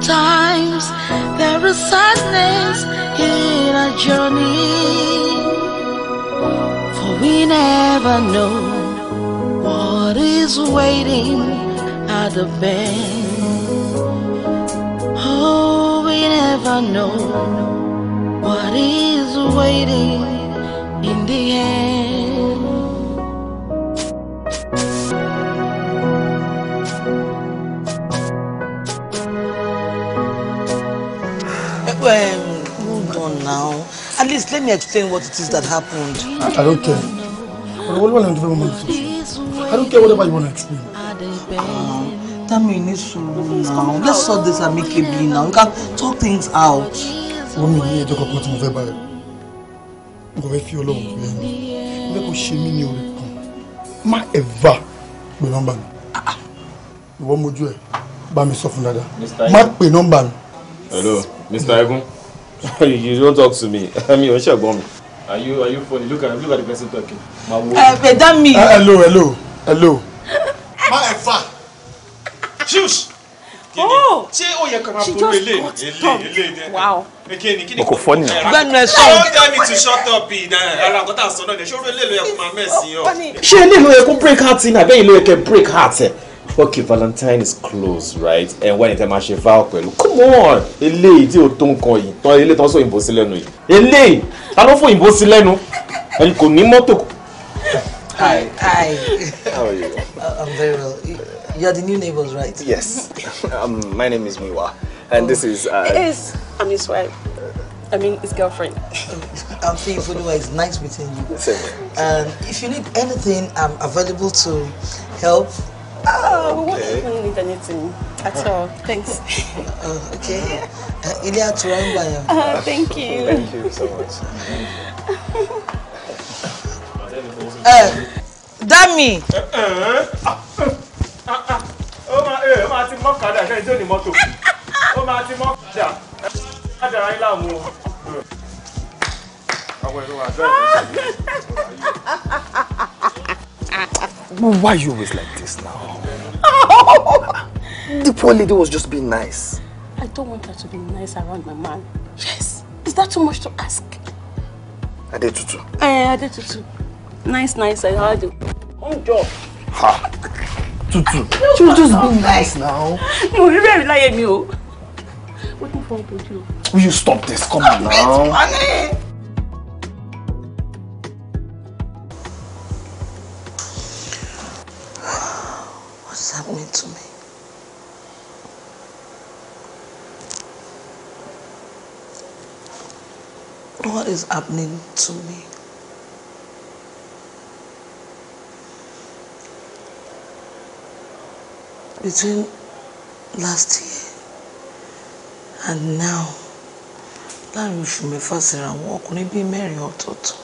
Sometimes there is sadness in our journey, for we never know what is waiting at the bend. Oh, we never know what is waiting in the end. um, hold on now. At least let me explain what it is that happened. I, I don't care. I don't care whatever you want to explain. Um, tell me, you need sùúrù now. Let's sort this amicably now. We can talk things out. Wọ́n mi ní ẹjọ́ kankan tí mo fẹ́ báyìí. Mo kàn fẹ́ fi Ọlọ́run fi ẹnu. Mo fẹ́ kó ṣe mí ní orí kan. Má ẹ̀fà pè nọ́mbà mi. Ah, ah. Ìwọ mojú ẹ̀ bá Hello. Mr. Egun. you don't talk to me. I mean, you're sure me. Are you are you funny? Look at look at the person talking. My Uh, but that me. Uh, hello, hello, hello. Ma Efa, Shush. Oh. she just got kó máa burú ilé ilé ilé? Wow. Eke ni kini. Kò fọ́ nìyẹn. Bẹ́ẹ̀ni ẹ sọ. Don't tell me to shut up in ara nǹkan tá a sọ náà ni ṣé orí ilé ló yẹ kó máa mẹ́sìn yọ. Ṣé ilé ló yẹ kó break heart in àbẹ́yìn ló yẹ kẹ́ break heart ẹ̀? okay valentine is close right ẹ wá ní tẹ máa ṣe vow pẹ̀lú come on eléyìí tí o tó nǹkan yìí tán eléyìí tán sọ òyìnbó sí lẹ́nu yìí eléyìí ta ló fún òyìnbó sí lẹ́nu ẹni kò ní mọ́tò. hi hi how are you. Uh, i'm very well you're the new neighbors right. yes um, my name is Miwa and oh. this is. Uh, it is i'm his wife. I mean, his girlfriend. I'm Faye Fuluwa. It's nice meeting you. Same. And if you need anything, I'm available to help Oh, we okay. won't need anything at all. Thanks. Oh, okay. Ilé àtúrà ń gbà yàn. Thank you. Thank you so much. Dami. Ó máa ẹ̀ ó máa ti mọ́kàdà ṣe ìjọ́ ní mọ́tò. Ó máa ti mọ́kàdà. Ádàrá yín láàmú o. Àwọn ẹ̀rọ àjọ ìgbésẹ̀ yìí. But why are you always like this now? the poor lady was just being nice. I don't want her to be nice around my man. Yes. Is that too much to ask? I did Adetutu. Eh, Adetutu. Nice, nice. I heard you. On job. Ha. Tutu. She was just being nice now. No, you really rely on me. Oh. Waiting for you. Will you stop this? Come on now. is happening to me. What is happening to me? Between last year and now, láàrin oṣù mẹ́fà síra wọn ọkùnrin bíi or ọ̀tọ̀ọ̀tọ̀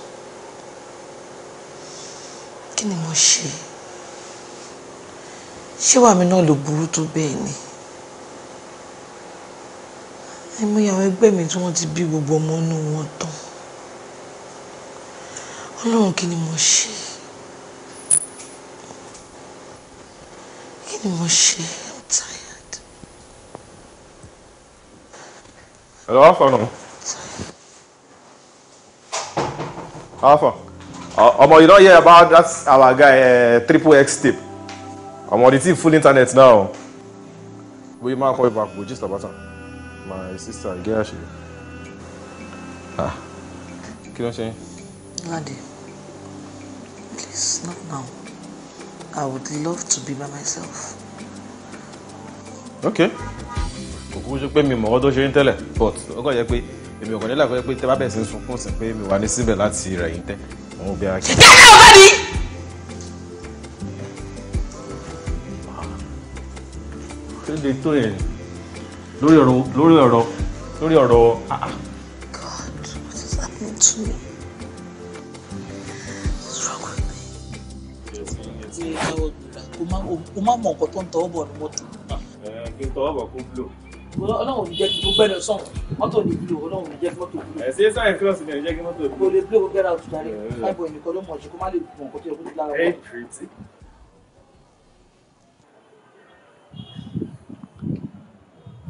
Can ni mo ṣe? ṣé wà mí náà ló burú tó bẹ́ẹ̀ ni àìmọye àwọn ẹgbẹ́ mi tí wọ́n ti bí gbogbo ọmọ inú wọn tán ọlọ́run kí ni mo ṣe kí ni mo ṣe i'm tired. hello alpha no alpha omo you don hear about that our guy uh, triple x tape. I'm on the team full internet now. We might call you back, We just about time. My sister, girl, she. Ah. Kí ló ṣe? Daddy, please, not now. I would love to be by myself. Okay. Òkú ṣe pé mi mọ̀ ọ́ tó ṣe ń tẹ́lẹ̀, but ọkọ̀ yẹ pé èmi ò kàn nílà kọ́ pé tẹ́ bá bẹ̀ sí sunkún sí pé mi wà ní síbẹ̀ láti rẹ̀ yín tẹ́. Òun ò bí ara kí. Get out, buddy! tó le tó yẹn lórí ọ̀rọ̀ lórí ọ̀rọ̀ lórí ah, ah. God, what is happening to me? What's wrong with me? ṣe káwọ́ gbìyànjú kó má mọ nǹkan tó ń tọwọ́ bọ̀ ní mọ́tò. Ah, eh, kí n tọwọ́ bọ̀ kó blo. ọlọ́run mi jẹ́ kí gbogbo ẹ̀rọ sọ̀rọ̀ mọ́tò ní blo ọlọ́run mi jẹ́ kí mọ́tò blo. ẹ̀sìn sáyẹn kí ọ̀sìn yẹn jẹ́ kí mọ́tò blo. kò lè blo gbẹ́ra òtún jáde láìpọ̀ ẹnìkan ló mọ̀ ṣe kó má lè gbọ̀n kó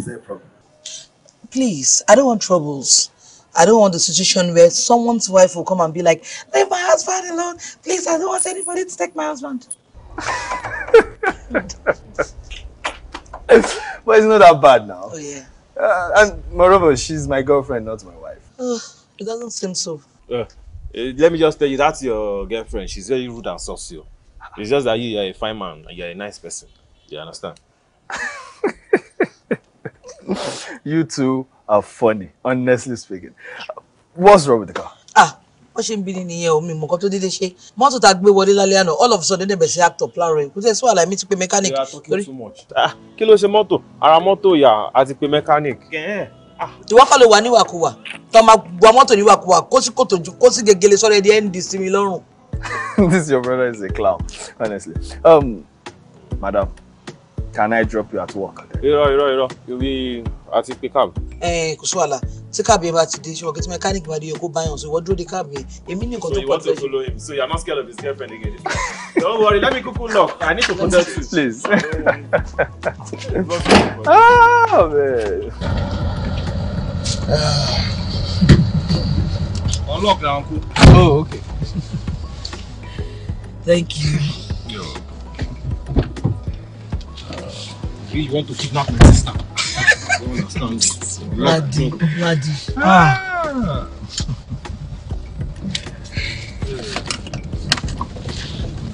Is there a problem? Please, I don't want troubles. I don't want the situation where someone's wife will come and be like, leave my husband alone. Please, I don't want anybody to take my husband. but it's not that bad now. Oh, yeah. Uh, and moreover, she's my girlfriend, not my wife. Uh, it doesn't seem so. Uh, eh, let me just tell you, that's your girlfriend. She's very rude and saucy. It's just that you are a fine man and you're a nice person. You understand? you two are funny honestly speaking what's wrong with the car. ah wọ́n ṣe ń bí ni nìyẹn omi mọ̀kàn tó déédéé ṣe mọ́tò tá a gbé wọlé lálẹ́ àná all of a sudden dẹ̀bẹ̀ sí actor plaro ẹ̀ kò tẹ̀ sí wàhálà èmi ti pe mechanic. you are talking too much. Ah, kí ló ṣe mọ́tò ara mọ́tò yà á ti pe mechanic. Ah. ìwọ́n kọ́ ló wà níwàkuwà tó máa gba mọ́tò níwàkuwà kó sí kòtò ju kó sí gegele sọ́rọ̀ ẹ̀dí ndc sí lọ́rùn. this your brother is a clown honestly um, madam Can I drop you at work? Irọ́ irọ́ irọ́ ibi àti pé cab. Ẹ kò sí wàhálà tí cab yẹn bá ti dé ṣọ́ọ̀kì tí mẹkáníìkì bá dé yẹ kó bá yàn so ìwọ dúró de cab yẹn èmi ní nǹkan tó pọ̀ tẹ́lẹ̀. So you want to follow him so you are not scared of his girlfriend again. Don't worry let me kuku knock I need to protect you. Please. oh, oh man. Unlock na uncle. Oh okay. Thank you. you, you want to kidnap my sister. I understand this. Ladi, Ladi. Ah.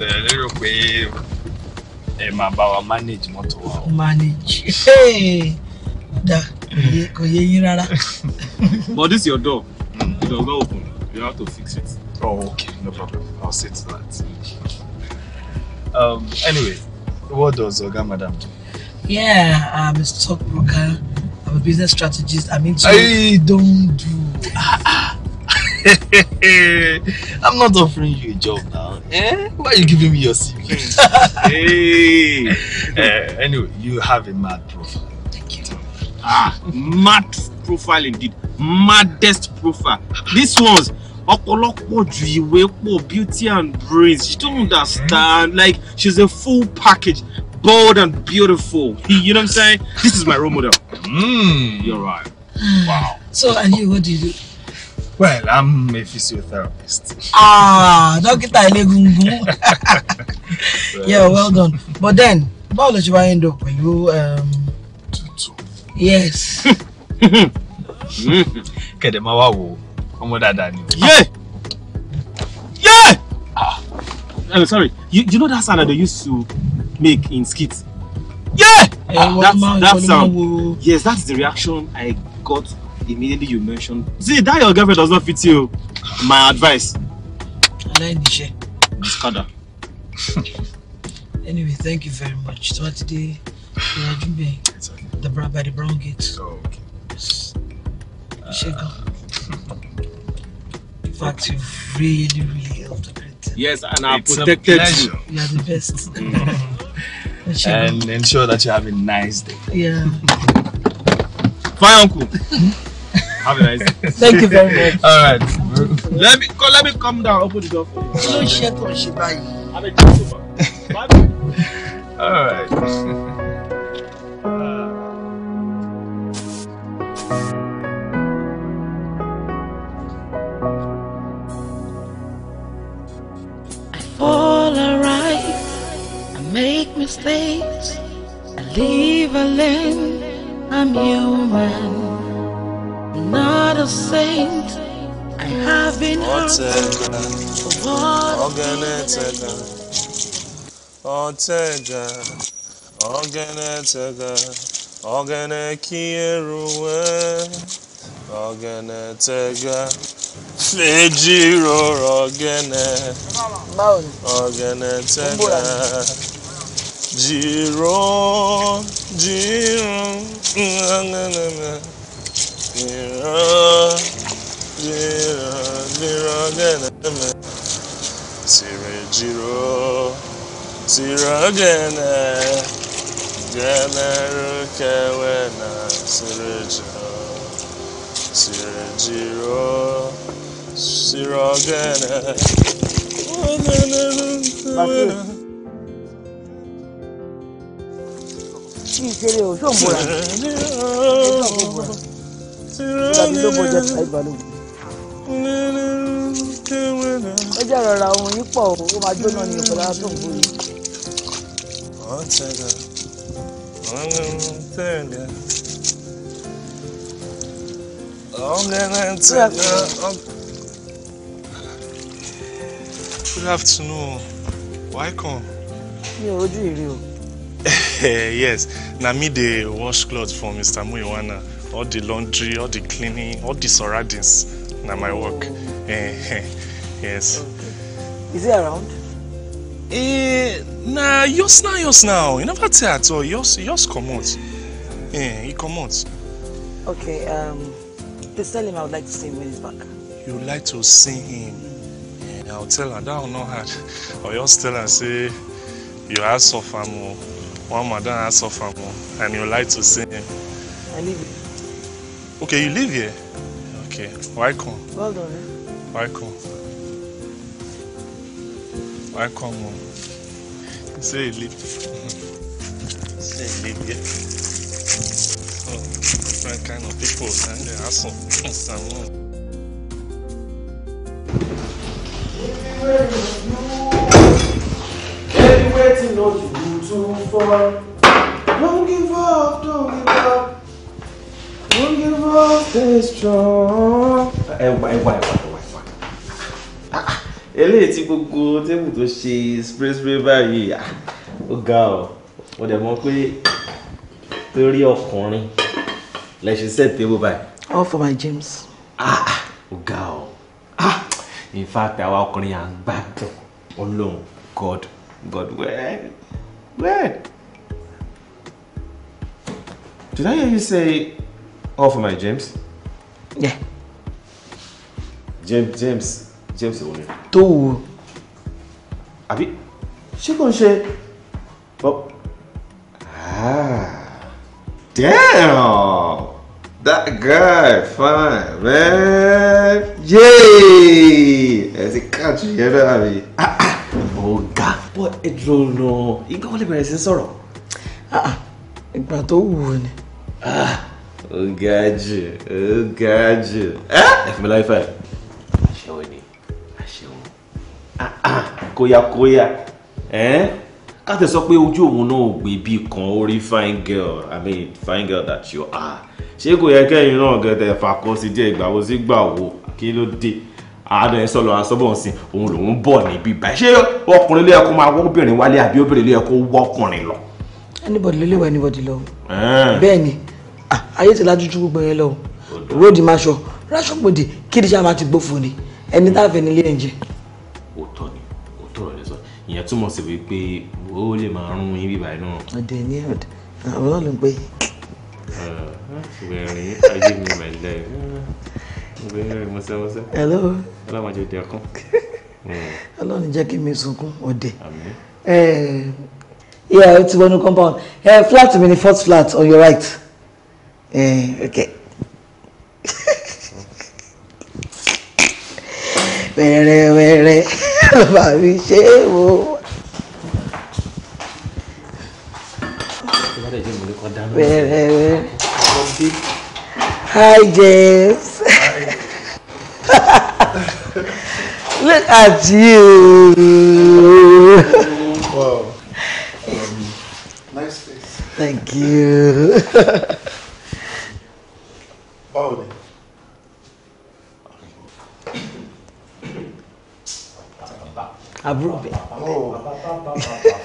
Ẹ lérò pé ẹ máa bá wa manage Hey. Da Koye yé yín But this your door. Mm. The door go open. You have to fix it. Oh, okay. No problem. I'll sit that. Um, anyway, what does Oga Madam do? Yeah, I'm a stockbroker. I'm a business strategist. I mean into. I don't do. I'm not offering you a job now. Eh? Why are you giving me your CV? Hmm. hey. Uh, anyway, you have a mad profile. Thank you. Ah, mad profile indeed. Maddest profile. This one's ọ̀pọ̀lọpọ̀ ju beauty and brains she don't hmm? understand like she's a full package bold and beautiful. You know what I'm saying? This is my role model. Mm, you're right. Wow. So, and you, what do you do? Well, I'm a physiotherapist. Ah, Dókítà Elegungun. Yeah, well done. But then, báwo ló ṣe wá end up pẹ̀lú. Um... Tutu. Yes. Kẹ̀dẹ̀ máa wá wo ọmọ dáadáa ni. Yeah! Yeah! Ah. Uh, sorry, you, you know that sound that they used to make in skit. Yeah! Uh, ah, that's, that sound. Yes, that's the reaction I got immediately you mentioned. See, that your girlfriend does not fit you. My advice. Aláìníṣẹ́. Discard Anyway, thank you very much. So today, we are doing the bra by the brown gate. Oh, okay. Yes. Uh, In fact, you've really, really helped a great. Yes, and I protected you. You are the best. Mm. Sure. And ensure that you have a nice day. Yeah. Fine, Uncle. have a nice day. Thank you very much. All right. Let me let me come down. Open the door for you. Have a drink over. All right make mistakes. I leave a lane. I'm human, not a saint. I have been hurt. Ọ̀gẹ̀nẹ̀tẹ̀gà, ọ̀tẹ̀gà, ọ̀gẹ̀nẹ̀tẹ̀gà, ọ̀gẹ̀nẹ̀ kí ẹrù wẹ́. Ọ̀gẹ̀nẹ̀tẹ̀gà, fèjì rọrọ̀ ọ̀gẹ̀nẹ̀. Ọ̀gẹ̀nẹ̀tẹ̀gà. Zero, zero, na na na na, Jerome, Jerome, Jerome, na na na, Sire Jerome, Sire Gene, Gene Rukewe na Sire Jerome, Sire Jerome, Sire Gene, na na na na na. tí ì ṣeré o ṣóò múra ó jẹ́ rọra ohun yìí pọ̀ ó máa jóná ní ìpínlẹ̀ tó ń gbòòrò. Good afternoon. Why come? Mi ò rojú ìrè o. yes na me dey wash cloth for mr muiwana all the laundry all the cleaning all the surroundings na my work yes. is he around. Eh, na yours na yours now you never tell at all yours yours comot eh, he comot. okay um, please tell him i would like to see him when he's back. you like to see him. Yeah, i'll tell her that one no hard or just tell her say you are of am o one madam has offer more and you like to see him. I live here. Okay, you live here? Okay. Welcome. Well done. Eh? Welcome. Welcome. You say you live. say you live here. So, oh, different kind of people and they hustle some more. Everywhere know you up. Don't give up, don't give up. Don't give up, stay strong. Ẹ wá ẹ wá ẹ wá ẹ wá ẹ wá. Ah, ah, eléyìí tí gbogbo tébù tó ṣe spray spray báyìí, ah, ó ga ọ̀. Mo dẹ̀ mọ̀ pé torí ọkùnrin lẹ ṣe set table báyìí. All for my James. Ó ga ọ̀. In fact, àwa ọkùnrin à ń gbádùn. Ọlọ́run God God well well. Did I hear you say all for my James? Yeah. James James James the one. Two. Abi, she ṣé say, ń Ah, Damn! That guy, fine, man. Yay! Ẹ ti káàtì yẹn náà mi. Ah, ah, ọ̀gá bọ́ ẹ dúró náà. Igbá wọlé bẹ̀rẹ̀ sí sọ̀rọ̀. Ah, ìgbà tó wù ú ni. Oh God, jù ó ga jù ẹ fún mi láì fà àṣẹwò ni àṣẹwò koya, ká tẹ sọ pé ojú òun náà ò gbé bí kan orí fine girl i mean fine girl that you are ṣé kò yẹ kẹ́yìn náà gẹ̀ẹ́tẹ̀ fàkọ́ sí díẹ̀ ìgbà wo sí gbà wo kí ló dé àádọ́ ẹ sọ lọ asọ́bọ̀ sí òun lòún bọ̀ níbí báyìí ṣé ọkùnrin ló yẹ kó máa wọ́ obìnrin wálé àbí obìnrin ló yẹ kó ọkùnrin lọ. anybody ló lè wá anybody lọ. bẹ́ẹ̀ ayé ti lájú ju gbogbo yẹn lọ ròdì máa ṣọ ráṣọ gbòdì kí níṣẹ́ máa ti gbófo ni ẹni tá nílé ẹ̀ ń jẹ. òótọ́ ni òótọ́ rẹ̀ sọ ìyẹn túmọ̀ sí wípé ó lè máa rún yín bíbá iná. ọ̀dẹ̀ ni ọ̀dẹ̀ àwọn náà ló ń pè é. ayé mi mẹ́lẹ̀ wẹ̀rin mọ́sẹ́mọ́sẹ́. hello. ọlọ́run jẹ́ dẹ́kun. ọlọ́run jẹ́ kí mi sunkún ọ̀dẹ̀. àmín. ẹ ẹ ìyá ẹ ti wọnú compound ẹ flat mi ni fourth flat on your right. Eh, ok. Wẹ́rẹ́ wẹ́rẹ́ ló bá mi ṣe é wò. Hi James. Hi. Look at you. Wow. Um, nice face. Thank you. báwo ni. àbúrò bẹ.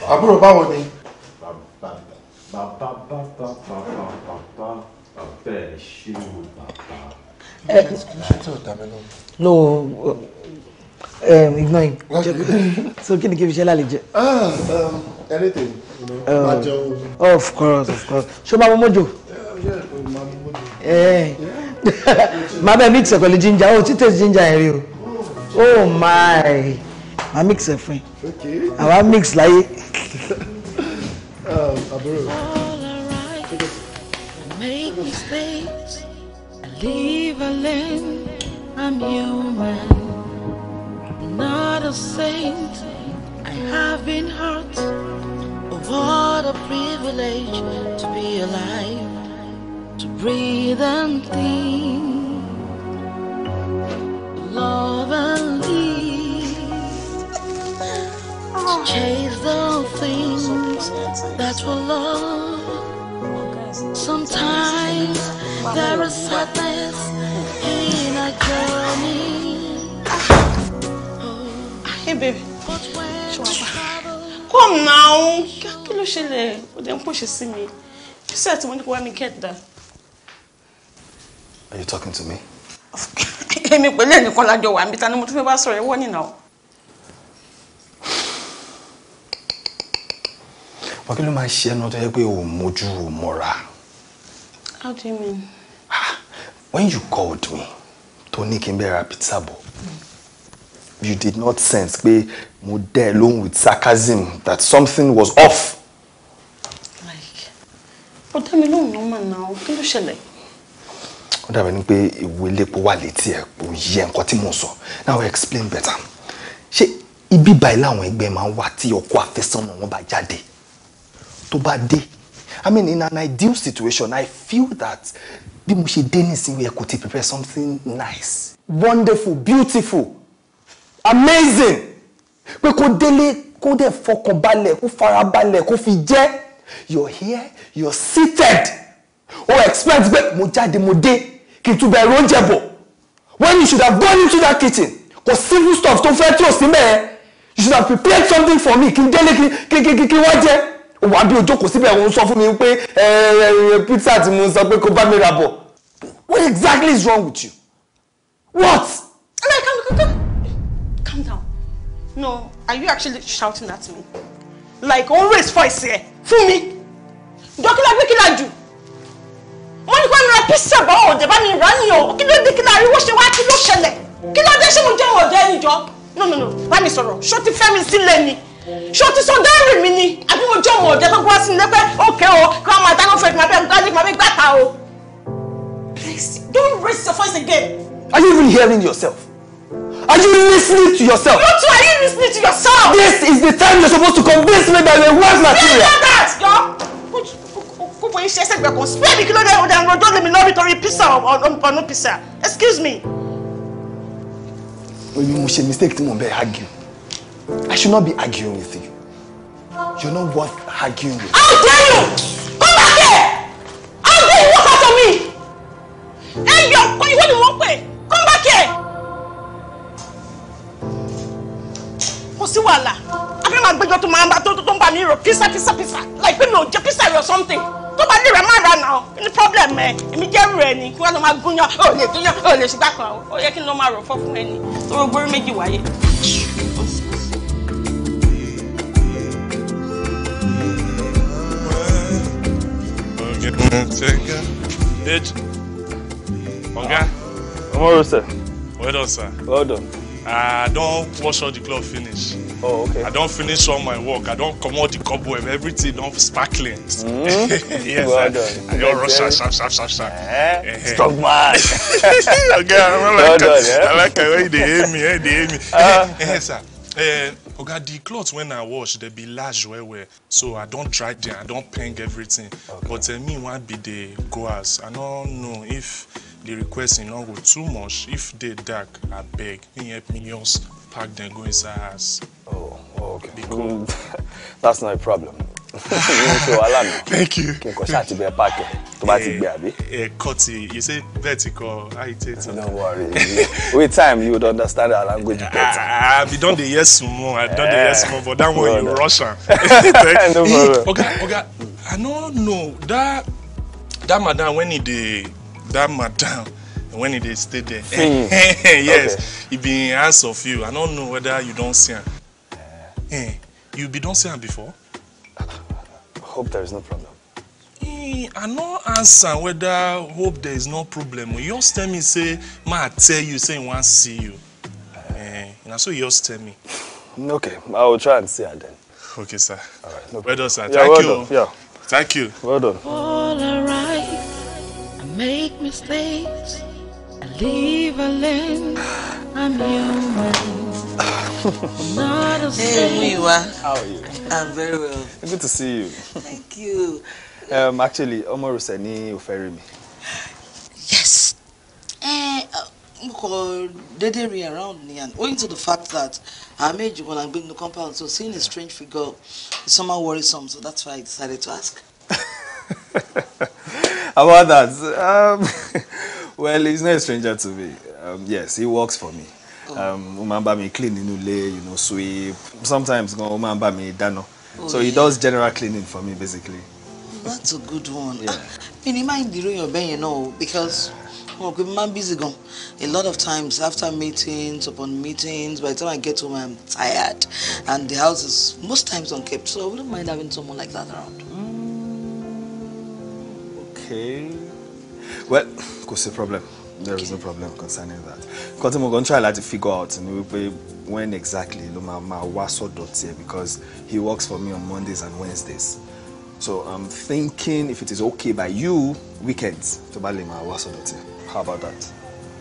àbúrò báwo ni. Eh, no um, ignore him so kí ni kí n fi ṣe lálejò. Ah, um, anything. you know, Um, of course of course ṣé o máa mọ mọ́jò. Eh. máa bẹ mix ẹ pẹ̀lú ginger o títẹ̀ ginger ẹ̀ rí o oh my máa mix ẹ fún ẹ àwa mix láyé. Um, àbúrò. Make I'm human, not a saint. I have been hurt. what a privilege to be alive to breathe and think, love and leave, to chase the things that will love. Sometimes there is sadness in a journey. hey, baby. Come now. Kí ló ṣẹlẹ̀? Ó dẹ̀ ń pòṣe sí mi. You said to me to go and get that. Are you talking to me? Èmi pẹ̀lú ẹnìkan lájọ wà níbi ta ni mo tún fẹ́ bá sọ̀rọ̀ ẹ̀wọ́ nìyà o. Wọ́n kí ló máa ṣe ẹnu tó yẹ pé o mójú o mọ́ra. How do you mean? Ah, when you called me, Tony ní kí you did not sense pé mo dẹ́ lóhùn with sarcasm that something was off. Like, ó dá mi lóhùn normal náà, kí ló ṣẹlẹ̀? ó dàbẹ̀ ni pé ìwé lépo wà létí ẹ̀ kò yẹ nǹkan tí mò sọ now explain better ṣé ibi báyìí làwọn ẹgbẹ́ máa ń wà tí ọkọ àfẹ́sọ́nà wọn bá jáde tó bá dé i mean in an ideal situation i feel that bí mo ṣe dé nísìnyí ẹ kò ti prepare something nice wonderful beautiful amazing pé kó délé kó dẹ̀ fọkàn balẹ̀ kó fara balẹ̀ kó fi jẹ́ you're here you're seated o expect pé mo jáde mo dé kì í tún bẹ̀rù oúnjẹ bọ̀ when you should have gone into that kitchen kò simple stuff tó fẹ́ tó sí mẹ́ẹ̀ you should have prepared something for me kí n délé kí kí kí wá jẹ́ wà á bí ojókòó síbẹ̀ òun sọ fún mi pé eh, eh, pizza tí mo sọ pé kó bá mi ra bọ̀ what exactly is wrong with you what. Like, calm, calm, calm down no are you actually shouting at me like always voice here fún mi dókítà gbé kí la jù mo ní kó ra písà bá òde bá mi rà ní o kí ló dé kí láàrin wọ́n ṣe wá kí ló ṣẹlẹ̀ kí ló dé ṣé mo jẹ́ òde ẹni jọ no no no bá mi sọ̀rọ̀ ṣó ti fẹ́ mi sílẹ̀ ni ṣó ti sọ dẹ́rì mi ni àbí mo jẹ́ òde kó wá sí ilé pé òkè o kí wọ́n máa dáná fún máa bẹ́ẹ̀ máa bẹ́ẹ̀ gbàtà o. Please don't raise your voice again. Are you even hearing yourself? Are you listening to yourself? You too, are you listening to yourself? This is the time you're supposed to convince me that the worth material. Really not that, yo fúnfún yín ṣe ẹsẹ̀gbẹ̀ kan spare kí ló dé ọ̀dà ọjọ́ lèmi lọ́rí torí pizza ọ̀nù pizza excuse me. oye mo ṣe mistake tí mo bẹ argue I should not be arguing with you you're not worth arguing with. how dare you come back here how dare you walk out on me ẹ yọ ọkọ ìwé ni wọ́n pè come back here. kò sí wàhálà abẹ́rẹ́ máa gbẹ́jọ́ tó máa ń bá tó tó ń bá mi rò pizza pizza pizza like pé mi ò jẹ pizza rẹ or something tó bá lè rẹ má ra nà ọ kí ni ẹ èmi jẹ́ rẹ̀ ni kí wọ́n lọ máa gúnyán ó lè gúnyán ó lè ṣùgbọ́n kan ó yẹ kí n lọ máa rọ̀ fọ́ fún ẹni tó rogbórí méjì wáyé. Oga. Tomorrow, sir. Well done, sir. Well done. I uh, ah, don't wash all the cloth finish. Oh, okay. I don't finish all my work. I don't come out the cobweb. Everything don't sparkling. Mm. yes, well I, done. I, don't rush. Sharp, sharp, sharp, sharp. Eh? eh, eh. Stock man. okay, I like, well done, yeah? I like the way they aim me. Eh? They aim me. Uh, uh-huh. yes, eh, sir. Uh, oga okay, the clothes when i wash they be large well well so i don't dry them i don't peng everything okay. but uh, me wan be the goers i no know if the requesting no go too much if they dark abeg me help me yours pack then go inside house. Oh, oh okay. Because... Mm, that's not a problem. Thank you. Kí n kọ ṣáàtì bẹ́ẹ̀ eh, eh, you say bẹ́ẹ̀ ti kọ worry. With time you would understand our language ah, better. I've be don dey hear small, I don dey hear small but that one you Russian. am. No problem. Oga Oga I don't know that that madam when he dey that madam when e dey stay there hmm. yes e bin ask of you i don't know whether you don't see am eh, eh you be don't see am before hope there is no problem eh, i no answer whether hope there is no problem you just tell me say ma tell you say he wan see you eh. eh na so you just tell me okay i will try and see her then okay sir all right no well done sir yeah, thank well you done. Yeah. thank you well done all right i make mistakes Leave alone. I'm human. Not a hey, How are you? I'm very well. Good to see you. Thank you. Um, actually, Omoru said ni ó fẹ́ Yes. Eh, uh, dede re around me and owing to the fact that our marriage when like being in the compound, so seeing a strange figure is somehow worrisome, so that's why I decided to ask. How About that, um, well he's no stranger to me um, yes he works for me oh. um, ó me ń clean nínú ilé you know sweep sometimes gan ó máa ń bá mi oh, so he does general cleaning for me basically. that's a good one ah, mi ni mind the room you're bẹ́ẹ̀ you know, because mo pe busy gan a lot of times after meetings upon meetings by the time I get home I'm tired oh. and the house is most times unkept so I wouldn't mind having someone like that around. Mm, okay well kò sí problem there is no problem concerning that nǹkan tí mo kàn try láti figure out ni wípé when exactly ló máa máa wá sọ́dọ̀ tiẹ̀ because he works for me on Mondays and Wednesdays so I'm thinking if it is okay by you weekends to bá lè máa wá sọ́dọ̀ tiẹ̀ how about that.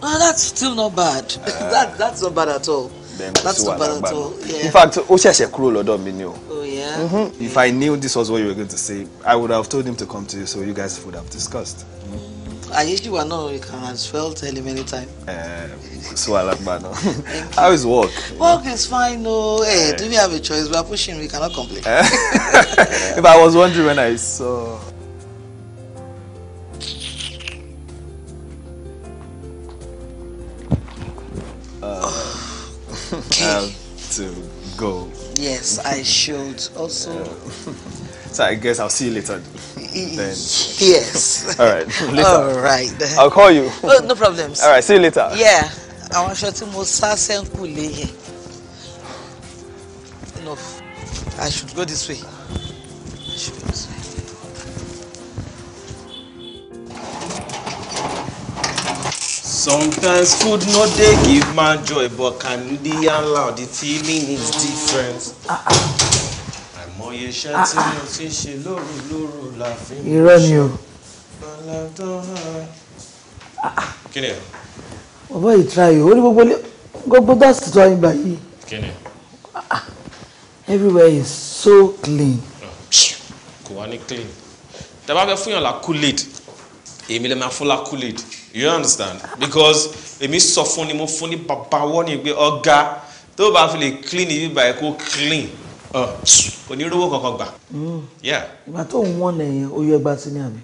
Oh, that's still not bad. Uh, that, that's not bad at all. Then that's not bad at all. Yeah. In fact, ó ṣẹ̀ṣẹ̀ kúrò lọ́dọ̀ mi ni o. Oh yeah. Mm -hmm. If I knew this was what you were going to say, I would have told him to come to you so you guys would have discussed. Mm -hmm. Ayeshiwa no, you can as well tell him anytime. I like Alakbano. How is work? Work is fine, no. Hey, uh, do we have a choice? We are pushing, we cannot complain. Eh. if I was wondering when I saw. Uh, okay. I have to go. Yes, I should. Also. So I guess I'll see you later. Then. Yes. All right. Later. All right. I'll call you. Oh, no problems. All right. See you later. Yeah. Àwọn aṣọ tí mo sá Enough. I should go this way. I should go this way. Sometimes food no they give man joy, but candy and loud, the feeling is different. Uh-uh àìmọye iṣẹ́ tí ah, ah. mo ti ṣe lóru lóru la fi mú ṣe. irọ́ ni o. Ah, kí ni. bàbá yìí tra yìí ó ní gbogbo gbogbo dust tó àyìnbá yìí. kí everywhere is so clean. kò wá ní clean tẹ́ bá fẹ́ fún yàn la kool-aid èmi lè máa fún la kool-aid you understand because èmi sọ fún ni mo fún ní bàbá wọ́n ní pé ọ̀gá tó bá fi lè clean ibi báyìí kó clean kò ní rówó kankan gbà. Hmm. ìgbà tó ń wọ́n lẹ́yìn ó yẹ gbá sí ní àmì.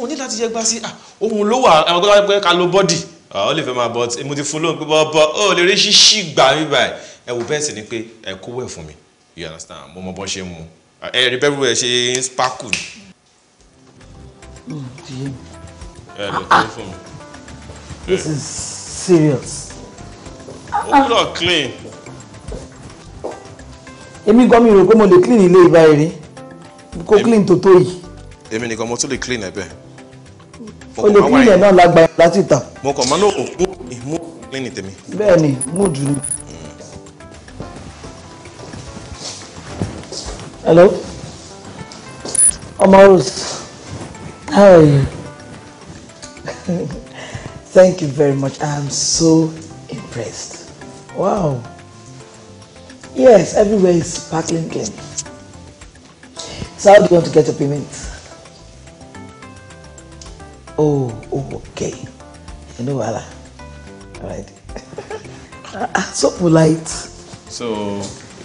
mo ní láti yẹ gbá sí ah, ohun ló wà àwọn akẹ́kọ̀ọ́ pé ká lo bọ́dì ah, ó lè fẹ́ máa bọ́ mo ti fún lóhùn pé bọ́ bọ́ ó lè rí ṣíṣí gbà mí báyìí ẹ wò bẹ́ẹ̀ sì ni pé ẹ kówó ẹ̀ fún mi you understand mo mọ bọ́ ṣe mu ẹ rí bẹ́ẹ̀ bẹ́ẹ̀ ṣe ń sparkle hmm, ẹ lè kó fún mi. this is serious. ó lọ clean èmi gan mi rò pé mo lè clean ilé ìbá eré kó clean tó tó yìí. èmi nìkan mo tún lè clean ẹ bẹ́ẹ̀. o lè clean ẹ náà lágbára láti tà. mo kàn máa ń lò ó mú clean tèmi. bẹ́ẹ̀ni mood ni. Hmm. hello ọmọ rose how are you thank you very much i am so impressed wow. Yes, everywhere is sparkling clean. So how do you want to get your payment? Oh, oh okay. You know what? All right. So polite. So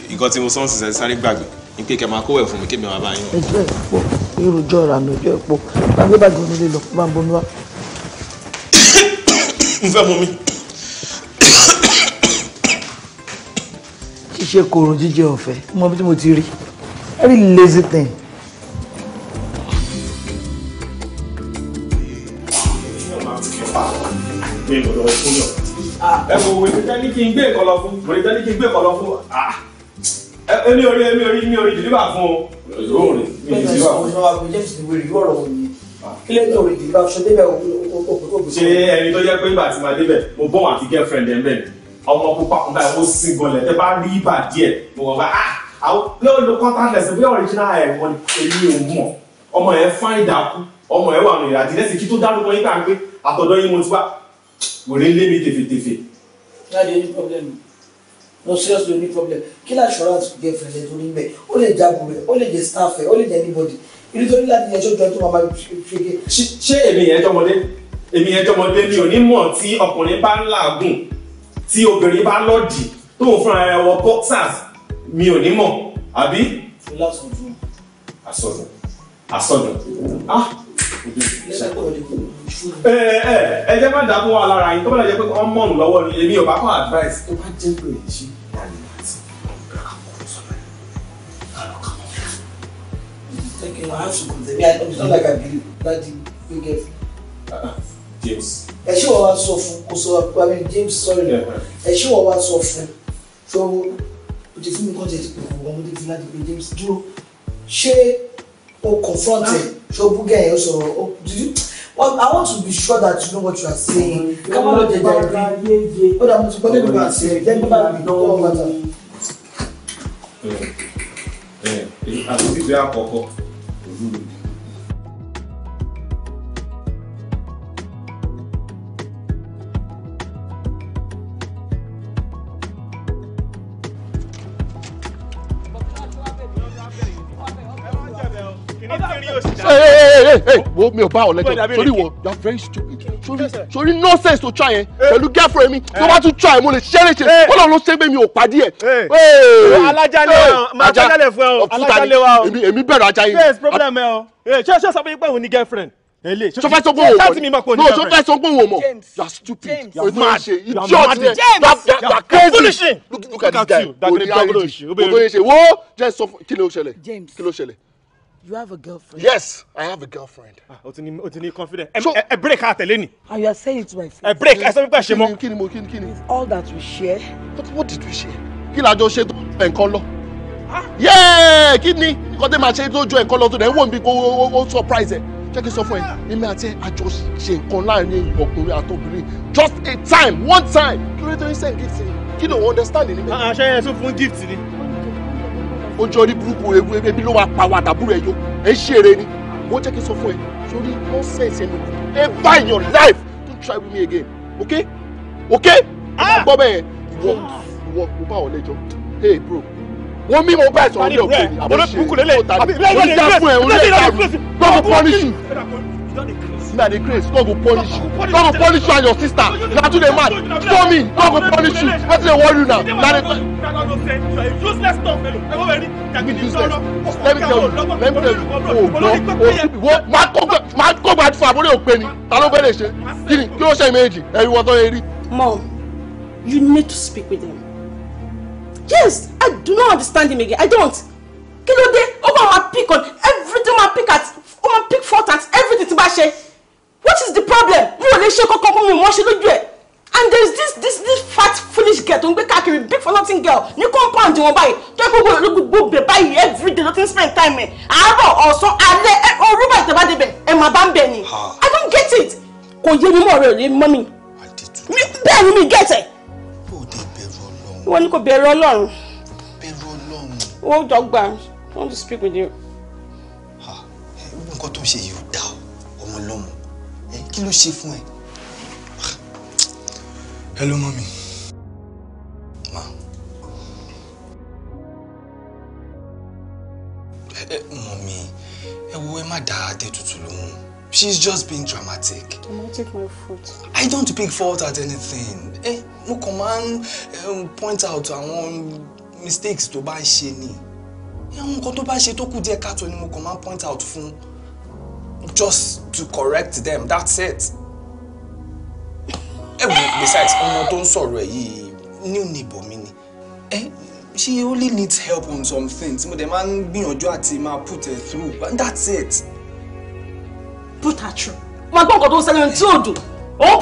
nǹkan tí mo sọ ń sísẹ sáré gbàgbé ní pé a máa kówẹ̀ fún mi kébì máa bá yín. you. ìpò ìròjọ ìrànà ẹjọ́ ìpò to gbé bàgẹ́ onílé lọ bá ń bomi kì í ṣe kòrò jíjẹ ọ̀fẹ́ mo bí mo ti rí every lazy thing. ẹ wo wo èmi tẹ́lí kí n gbé ìkọlọ fún òní tẹ́lí kí n gbé ìkọlọ fún ẹ ní orí ẹmí orí ní orí dìlíbà fún o. ìṣòro rẹ ní dìlíbà fún. ọ̀nà àgbẹ̀ jẹ́ ìṣòro rẹ̀ yóò rọ̀ wọ̀ yẹn kí ló ń tó orí dìlíbà ṣe débẹ̀ òkú. ṣé ẹni tó jẹ́ pé ìgbà tí màá débẹ̀ mo bọ́ àti girlfriend ẹ̀ ń ọmọ pupa kan báyìí ó sì tẹ bá rí ibà díẹ̀ mo wọ́n bá a ah! àwọn yóò lo contact lens bí original ẹ̀ wọ́n èmi ò mọ̀ ọmọ yẹn fáìn dákú ọmọ yẹn wà ní ìrìnàjò lẹ́sìn kí tó dárúkọ yín káàpé àtọ̀dọ̀ yín mo ti wá wòlé lé mi tèfètèfè. láti ẹni problem no seriously ní problem kí ni assurance jẹ fẹlẹ tó ní bẹ ó lè jábọ rẹ ó lè jẹ staff rẹ ó lè jẹ anybody nítorí láti yẹn ṣọjọ tó máa bá ṣe. ṣé èmi yẹn tọmọdé èmi yẹn tọmọdé mi ò ní mọ̀ tí ọkùnrin bá ń làágùn tí obìnrin bá lọ́ọ̀dì tóun fúnra ẹ̀ wọ boxers mi ò ní mọ̀ àbí. fúlà sọdún. àsọdún àsọdún ah ẹ ẹ ẹ jẹ́ má dàbọ̀ wà lára yín tó bá lè jẹ́ pé wọ́n mọ̀ ń lọ́wọ́ ni èmi ò bá kọ́ advice tó bá jẹ́ pé èyí ṣe Thank you. I have to come there. I don't like I believe that the biggest. James. ẹ ṣé wọ́n wá sọ fún kò sọ wá mi James sorry ẹ ṣé wọ́n wá sọ fún fún o ti fún mi kọ́ńtẹ̀ ti pè fún ọmọdé ti láti pè James dúró ṣé o confront ẹ ṣé o búgẹ̀ ẹ̀ sọ̀rọ̀ o did you well, I want to be sure that you know what you are saying kama lọ jẹjẹ rí ó dà mo ti gbọ́ nínú bá ṣe jẹ́ nígbà mi tó wọ́n bàtà. Eh, eh, eh, àti ìgbé àkọ́kọ́ òdúró ee ee wo mi ò bá ọ lẹ́jọ́ sórí wọ you are very stupid sórí sórí nonsense to try yẹn pẹ̀lú girlfriend mi tó bá tún try mo lè ṣẹ́rẹ̀ ṣe wọ́n lọ́ọ́ ló ṣe pé mi ò pàdé ẹ̀. alájálẹ̀ máa alájálẹ̀ fún ẹ o alájálẹ̀ wa o èmi bẹ̀rẹ̀ ajá yìí. yes problem ẹ o ṣé ṣé sọ pé òun ní girlfriend ele so fẹ́ sọ pé òun mọ̀ no so fẹ́ sọ pé òun James, you are stupid you are mad James, are idiot you are crazy look at this guy oníyàrá ìdí ogoyese wo James, sọ kí ló ṣẹlẹ̀ kí ló ṣẹlẹ̀. You have a girlfriend? Yes, I have a girlfriend. Ah, o ti ní confident. So ẹ break out tẹ̀lé ni. And ah, you saying it to my face. Ẹ break I sọ wípé ṣe mọ. Kí ni mo kí all that we share. What, what did we share? Kí la jọ ṣe tó ẹ̀ ń kọ́ lọ? Ah. Yẹ́ẹ̀ kí ni nǹkan tẹ́ máa ṣe tó jọ ẹ̀ ń kọ́ lọ tó dẹ̀ ń wò mí kó ó surprise ẹ̀. Jẹ́ kí n sọ fún ẹ, ah. èmi àti ẹ àjọ just a time one time. Kí don't dé tó ń send understand ni? Àṣẹ yẹn tún fún gift ni ojú orí burúkú ewu ebi ló wà pa wà dàbúrò ẹ̀yọ ẹ̀ ṣeré ni wọ́n jẹ́ kí n sọ fún ẹ sórí nonsense ẹnu ever in your life don't try with me again okay okay ah! gbọ́ bẹ́ẹ̀ ìwọ ìwọ mo bá ọ lẹ́jọ́ hey bro wọ́n mímọ bá ẹ̀sán ọ̀lẹ́ òkè ni àbọ̀ ṣe ó ta ni ó dá fún ẹ ó lẹ́ẹ̀ta gbọ́dọ̀ pọ́nìṣì grace me and the grace God go punish you God go punish you and your sister na too dey mad for me God go punish you wetin dey worry you now na the useless let me tell you let me tell you o gbọ́ o wo ma kó gbà ma kó gbà fún abúlé òpè ni ta ló fẹ́ lè ṣe kí ni kí ló ṣe méjì ẹ̀yin wọ́n tó yẹ rí. Mom, you need to speak with them. Yes, I do not understand him again. I don't. Kí ló dé? Ó bá wọn pick on everything wọn pick at wọn pick fault at everything tí bá ṣe what is the problem mo ò lè ṣe kankan kó mi mọ́ ṣe lójú and there is this this this fat foolish girl tó ń gbé káàkiri big for nothing girl ní compound wọn báyìí tó ń gbogbo olóògbé bẹ̀ báyìí everyday ló ti ń spend time ẹ̀ àárọ̀ ọ̀sán alẹ́ ẹ̀ orú báyìí tẹ̀ bá débẹ̀ ẹ̀ máa bá ń bẹ̀ ni i don't get it kò yé mi mọ́ ọ̀rẹ́ rẹ mọ́ mi bẹ́ẹ̀ ni mi get ẹ̀. o de bẹ̀rù Ọlọ́run. wọ́n ní kò bẹ̀rù Ọlọ́run. bẹ̀rù Ọlọ́run. ó dọ́gba i want to speak with you. nǹkan tó ń ṣe yìí kí ló ṣe fún hello mọ́mí. ma ẹ mọ́mí ẹ wo ẹ má she's just being dramatic. Dramatic, my foot. I don't pick fault at anything. ẹ mo kàn máa um, point out àwọn mistakes to buy shiny. ṣe ni. àwọn nǹkan tó bá ṣe tó kù díẹ̀ káàtó ni mo point out fún just to correct them that's it. ẹ wo besides ọmọ tó ń sọ̀rọ̀ ẹ̀ yìí new neighbor mi ni she only needs help on some things mo dẹ̀ máa ń gbìyànjú àti máa put her through and that's it. put her through wọn gbọ́ nǹkan tó ń ṣẹlẹ̀ tí ò dùn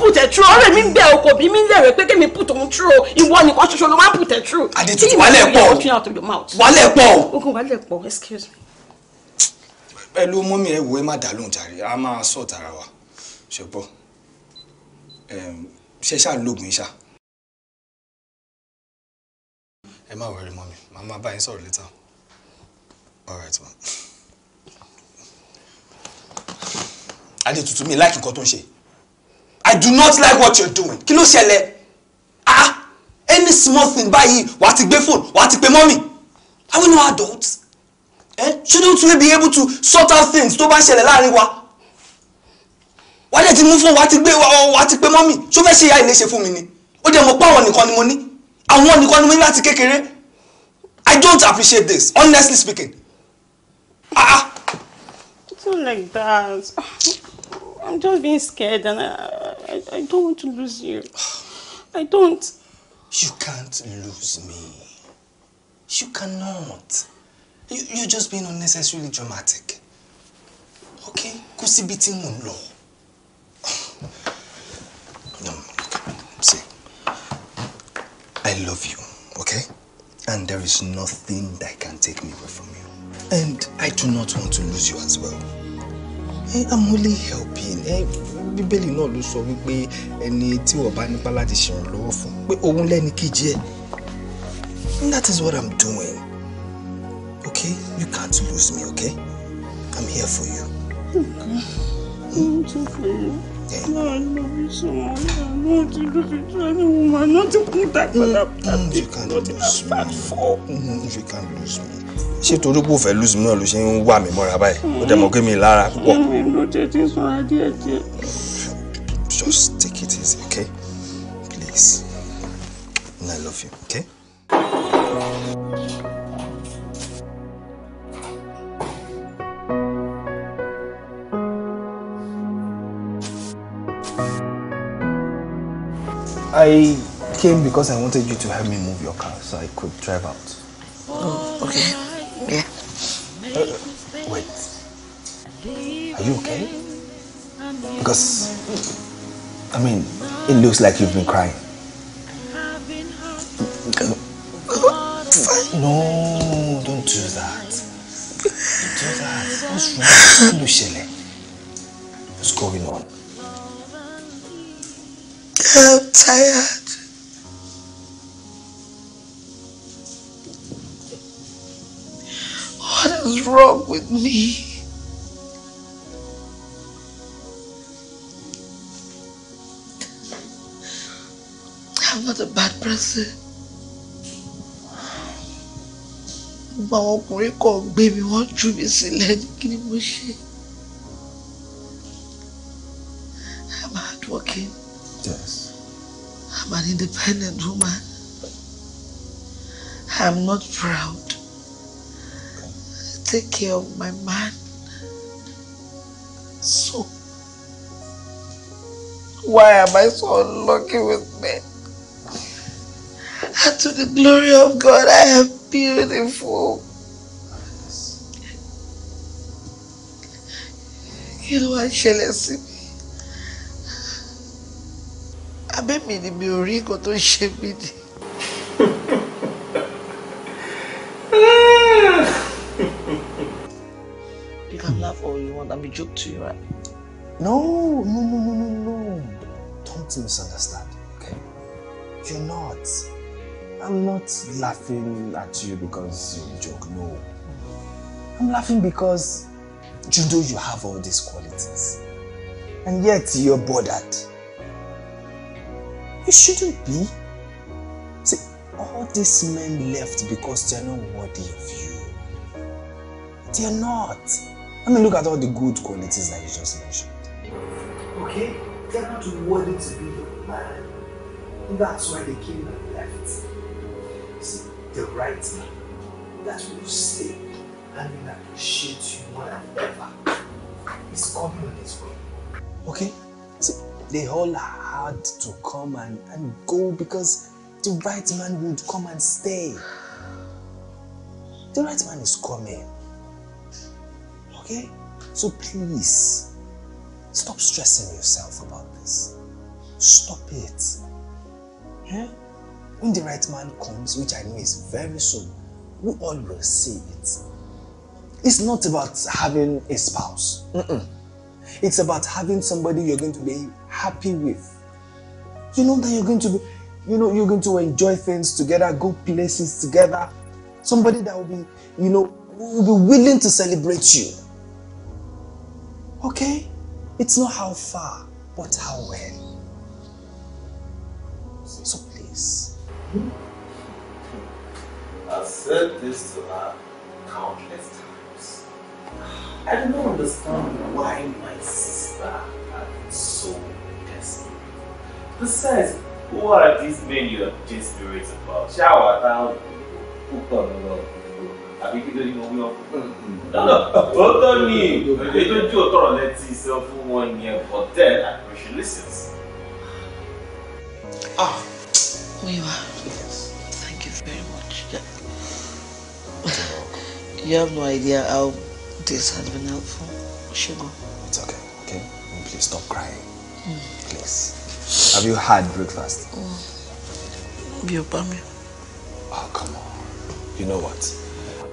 put her through ọ̀rẹ́ mi ń bẹ ọkọ bí mi ń lẹ̀rẹ̀ pé kémi put òun through ìwọ nìkan ṣoṣo ló máa put her through. àdètùtù wálẹ̀ pọ̀ wálẹ̀ pọ̀. ogun wálẹ̀ pọ̀ excuse me pẹ̀lú mọ́mí ẹ wò ẹ má dá lóhùn jàre a máa sọ tara wa ṣùgbọ́n ṣe ṣáà lóògùn iṣá ẹ má wẹ̀rẹ̀ mọ́mí màá máa bá yín sọ̀rọ̀ létà all right ma. adé tuntun mi láìkí nǹkan tó ń ṣe i do not like what you're doing kí ló ṣẹlẹ̀ ah any small thing báyìí wàá ti gbé fóònù wàá ti pe mọ́mí are we not adults shouldn't we be able to sort out things tó bá ń ṣẹlẹ̀ láàrin wa wá jẹ́ ti mú fún wa ti gbé wa ti pé mọ́mì ṣó fẹ́ ṣe ìyá ìléṣe fún mi ni ó jẹ́ mọ̀ pé àwọn nìkan ni mo ní àwọn nìkan ni mo ní láti kékeré I don't appreciate this honestly speaking. Ah, ah. It's not like that. I'm just being scared and I, I, I don't want to lose you. I don't. You can't lose me. You cannot. You, you're just being unnecessarily dramatic. Okay? Kusi biti tí mò No, okay. See, I love you, okay? And there is nothing that can take me away from you. And I do not want to lose you as well. Hey, eh, I'm only helping. Hey, eh, Bíbélì náà ló sọ wípé ẹni tí wọ́n bá nípa láti ṣèrànlọ́wọ́ fún We only lẹ́ni kejì ẹ̀. That is what I'm doing. You can't lose me, okay? I'm here for you. Okay. I'm too for you. Yeah. No, I love you so much. I want to lose you to any woman. Not to put that mm, mm, You can't lose me. Mm, you can't lose me. ṣé torí pé o lose mi náà ló ṣe ń wà mí mọ́ra báyìí mm. ó dẹ̀ mọ́ pé mi lára púpọ̀. Mm, mi ló jẹ́ Just take it easy, okay? Please. And I love you, okay? I came because I wanted you to help me move your car so I could drive out. Oh, okay. Yeah. Uh, wait. Are you okay? Because, I mean, it looks like you've been crying. No, don't do that. Don't do that. What's wrong? Lucia, àwọn ọkùnrin kan gbé mi wọ́n jù mí sílẹ̀ ní kí ni mo ṣe. I'm hardworking. Yes. I'm an independent woman. I'm not proud. Okay. I take care of my man. So, why am I so unlucky with men? And to the glory of God, I am beautiful. kí ló wá ṣẹlẹ̀ sí mi abẹ́mi ni mi ò rí nǹkan tó ń ṣe mí ni. You can laugh all you want. I'm a joke to you, right? No, no, no, no, no, no. Don't misunderstand, okay? You're not. I'm not laughing at you because you joke, no. I'm laughing because You know you have all these qualities. And yet you're bothered. You shouldn't be. See, all these men left because they're not worthy of you. They're not. I mean, look at all the good qualities that you just mentioned. Okay? They're not worthy to be your man. that's why they came and left. See, the right man. That's what you say that means I you more than ever. It's coming on its way. Okay? See, they all had to come and, and go because the right man would come and stay. The right man is coming. Okay? So please, stop stressing yourself about this. Stop it. Yeah? When the right man comes, which I know is very soon, we all will see it. It's not about having a spouse. Mm-mm. It's about having somebody you're going to be happy with. You know that you're going to be, you know, you're going to enjoy things together, go places together. Somebody that will be, you know, will be willing to celebrate you. Okay? It's not how far, but how well. So please. Hmm? I've said this to her countless times. I do not understand why my sister had been so desperate. Besides, who are these men you are desperate about? Shower down, hook on the road. àbí kí lórí wọn wíwọ́n fún un. òótọ́ ni ètòjú ọ̀tọ̀rọ̀ lẹ́tí sọ fún wọn yẹn for ten appreciations. ah. Wewa, thank you very much. Yeah. You have no idea how this has been helpful. Sugar. It's okay, okay? And mm, please stop crying. Mm. Please. Have you had breakfast? Mm. Oh, come on. You know what?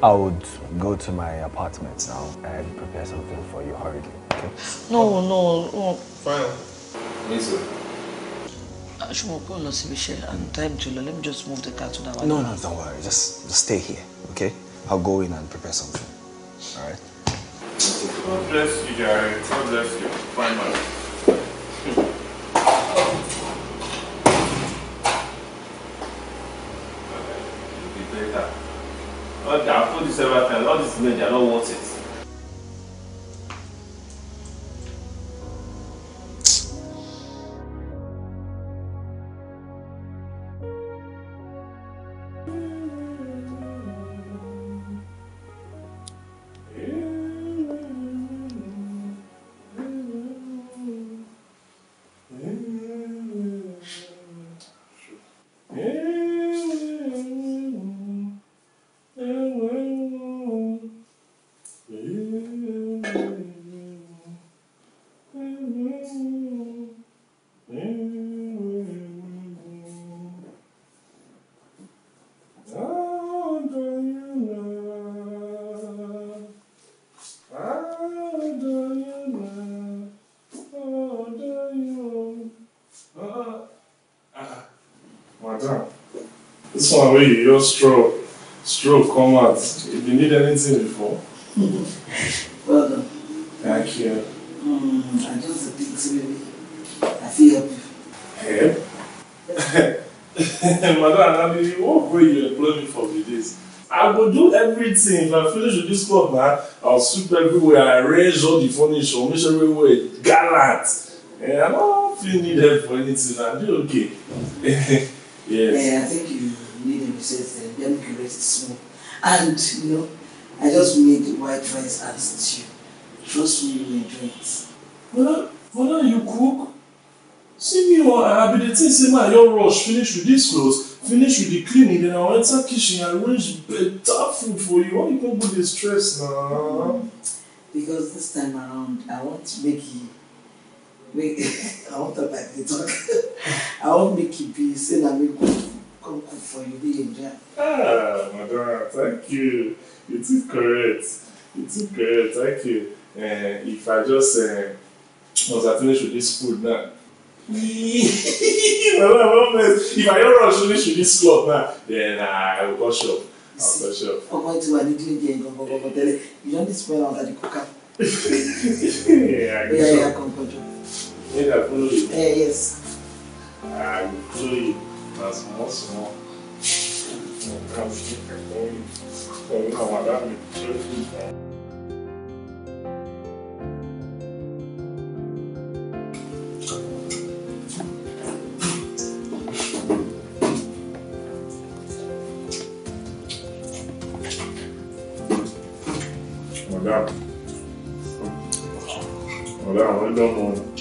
I would go to my apartment now and prepare something for you hurriedly, okay? No, no, no. Fine. Listen. Ashimo, go to the and time to let me just move the car to that one. No, no, don't worry. Just, just stay here, okay? I'll go in and prepare something. All right? God bless you, Jerry. God bless you. Fine man. Okay, All the food is everything. All this image, I don't want it. son wey you just stroll stroll come out you need anything before. well done. thank you. Mm, i just a think say i feel. help eh? help. madam I mean, work wey you employ me for be this i will do everything if i finish with this club man, i will sweep everywhere i arrange all the furniture make sure everywhere gallant eh i no fit need for anything i dey okay. yes. Yeah, small. And, you know, I just made the white rice and stew. Trust me, you enjoy it. Well, mother, you cook? See me, or I'll be the thing, see my your rush, finish with this clothes, finish with the cleaning, then I'll enter kitchen, arrange better food for you. Why you go with the stress now? Because this time around, I want to make you make I want to like the talk. I want to make you be, say a make come cook for you, be there. Ah, madam, thank you. It is correct. It is correct. Thank you. Uh, if I just uh, eh, was I finish with this food now. if I don't rush finish with this cloth now, then uh, I will go shop. I'll go shop. Ọmọ ti wà ní kílíkì ẹ̀ gbọ̀ngbọ̀ngbọ̀ tẹ́lẹ̀. You don't need to spend out at the cooker. yeah, I yeah, yeah, come, come, come. Yeah, I follow you. Uh, yes. I follow you. nas mãos, no, no caso de carbono, ou na arame, Olha, olha, olha olha olha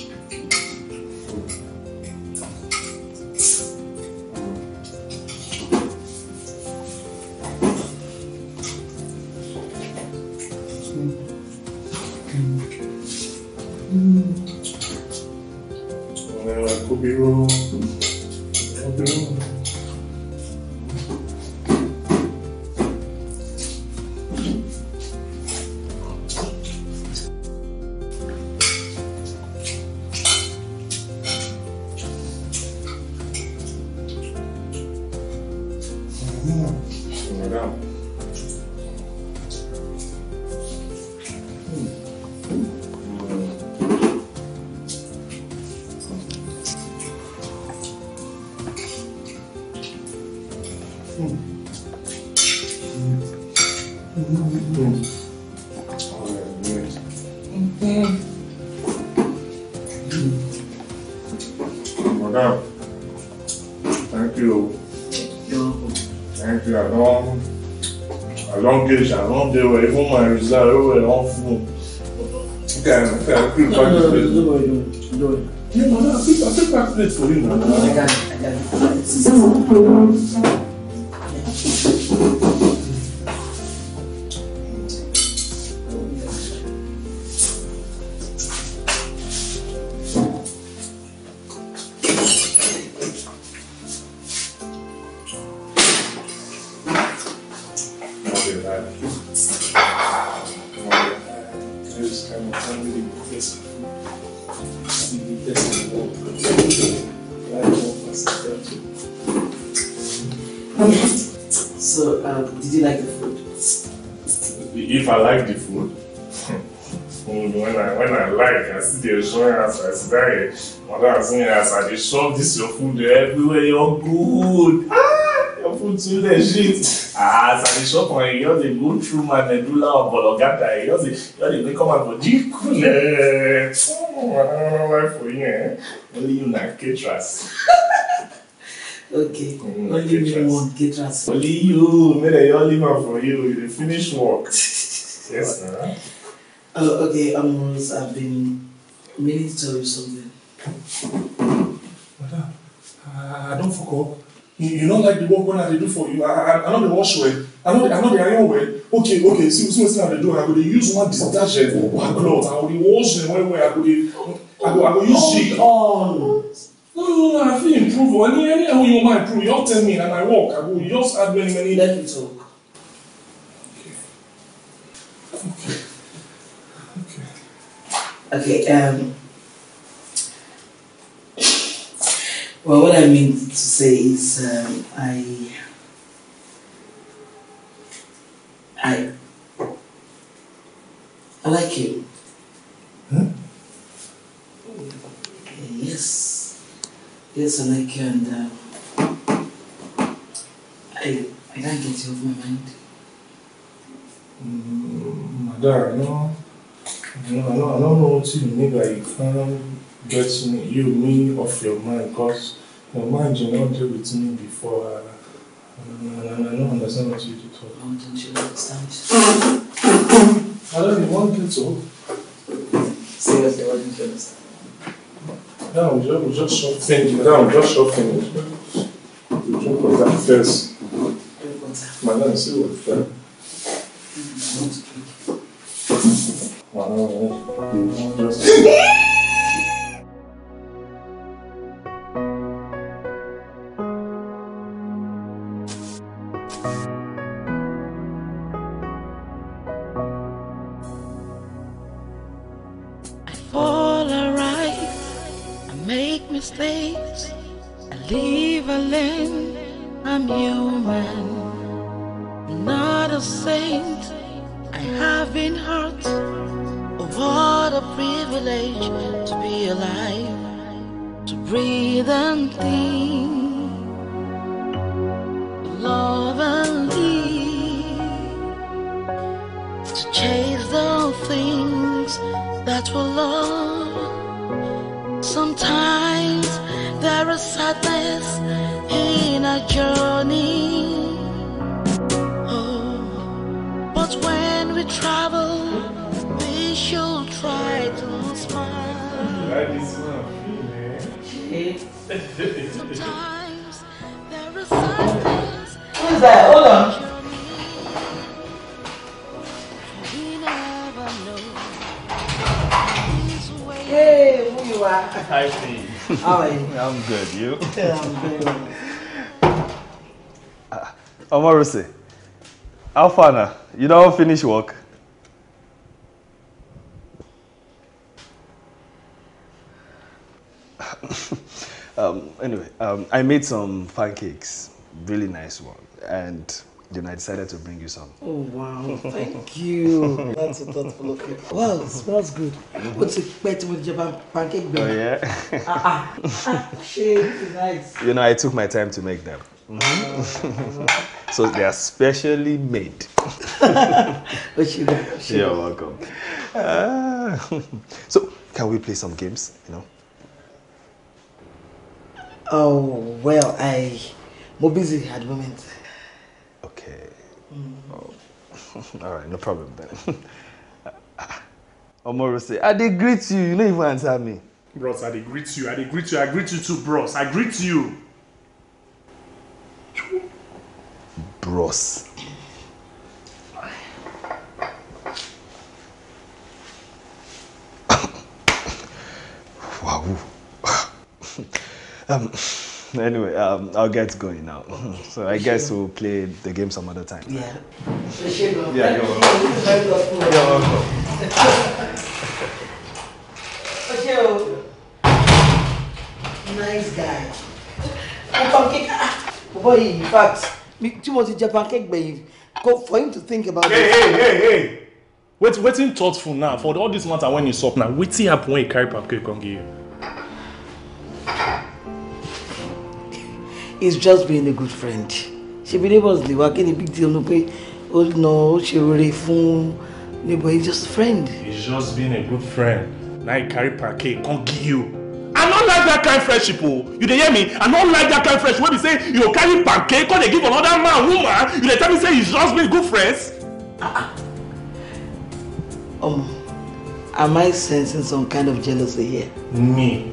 Thank you. I'll they were even my result they were on phone. guy na fair gree back to place. Yeah, man, I fit I fit calculate for you now. as soon as I dey shop this your food everywhere your good ah your food too legit ah as I dey shop on you just dey go through my medulla oblongata you just dey just dey make all my body coole eh. oh I don't know for you eh only you na caterers. okay mm, only you want caterers. only you make dem just leave am for oh, you you the finish work. yes na. Huh? Oh, okay, almost I've been meaning to tell you something. Madam, I, don't fuck up. You, don't like the work when I do for you. I, I, the wash well. I no dey I no dey iron well. Okay, okay, see see wetin I dey do. I go use one detergent or cloth. I go dey wash them well well. I go I go I go use jig. Oh, No, no, no, I feel improve. Any any how you wan improve, you tell me and I work. I go just add many many. Let me talk. Okay. Okay. Okay. Um. Well, what I mean to say is, um, I, I, I like you. Huh? Hmm? Yes, yes, I like you, and uh, I, I can't get you off my mind. Mm, my darling, no, no, I don't, I don't know what you mean by you get me, you, me, off your mind, because your mind did not deal with me before. Uh, and, and I don't understand what you're talking. talk. Oh, don't you understand? I don't even want you to. Seriously, what don't you understand? No, we just, we just short finish. Madam, we just short finish. We drink water first. Drink water. Madam, see what's that. Mama Rosie, how far now? You don't finish work? um, anyway, um, I made some pancakes, really nice one, and then I decided to bring you some. Oh wow! Thank you. That's a thoughtful of you. Wow, it smells good. What's it better with Japan pancake? Oh yeah. ah ah. ah Shake, nice. You know, I took my time to make them so they are specially made. You're welcome. Uh, so, can we play some games? You know. Oh well, I, more busy at the moment. Okay. Mm. Oh. All right, no problem then. Omorose, I dey greet you. You no even answer me. Bros, I dey greet you. I dey greet you. I greet you too, bros. I greet you. gross. wow. um, anyway, um, I'll get going now. so I guess we'll play the game some other time. Yeah. Yeah, you're welcome. You're welcome. Nice guy. Boy, in fact, tí mo ti jẹ pancake gbẹ̀yìn for him to think about hey, it. Hey, hey, hey. Wait, waiting thoughtful now for all this matter when you sup now wetin happen when you carry pancake come give you. He's just being a good friend ṣebi neighbors dey wa kí big deal no pé ó na ó ṣe rere fún neighbor he's just friend. he's just being a good friend Now he carry pancake come give you i no like that kind friendship o oh. you dey hear me i no like that kind friendship wey be say you go carry pancake come dey give another man woman you dey tell me say you just be good friends. omo ah, ah. um, am i sensing some kind of jealousy here. me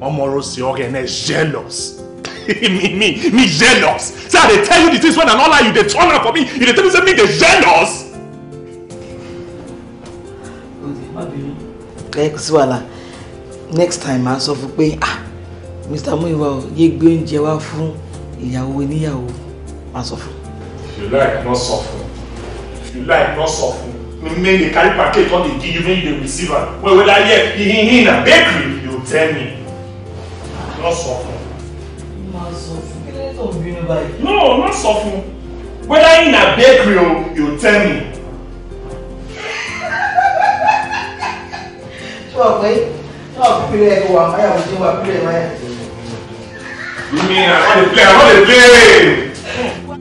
omorosi ogene jealous. me me me jealous say i dey tell you the things when i no like you dey turn am for me you dey tell me say me dey jealous. ẹ kò sí wàhálà next time màá sọ fún pé ah mr muiwa o yé gbé oúnjẹ wá fún ìyàwó oníyàwó màá sọ fún. if you like no sọ fún if you like no sọ fún me make dey carry package come dey give you make you dey receive am well well i hear hihihi na bakery you tell me no sọ fún. máa sọ fún kí lẹ́tọ̀ bínú báyìí. no no sọ fún whether he na bakery o you tell me. sọ pé. No, play You mean I want to play? I want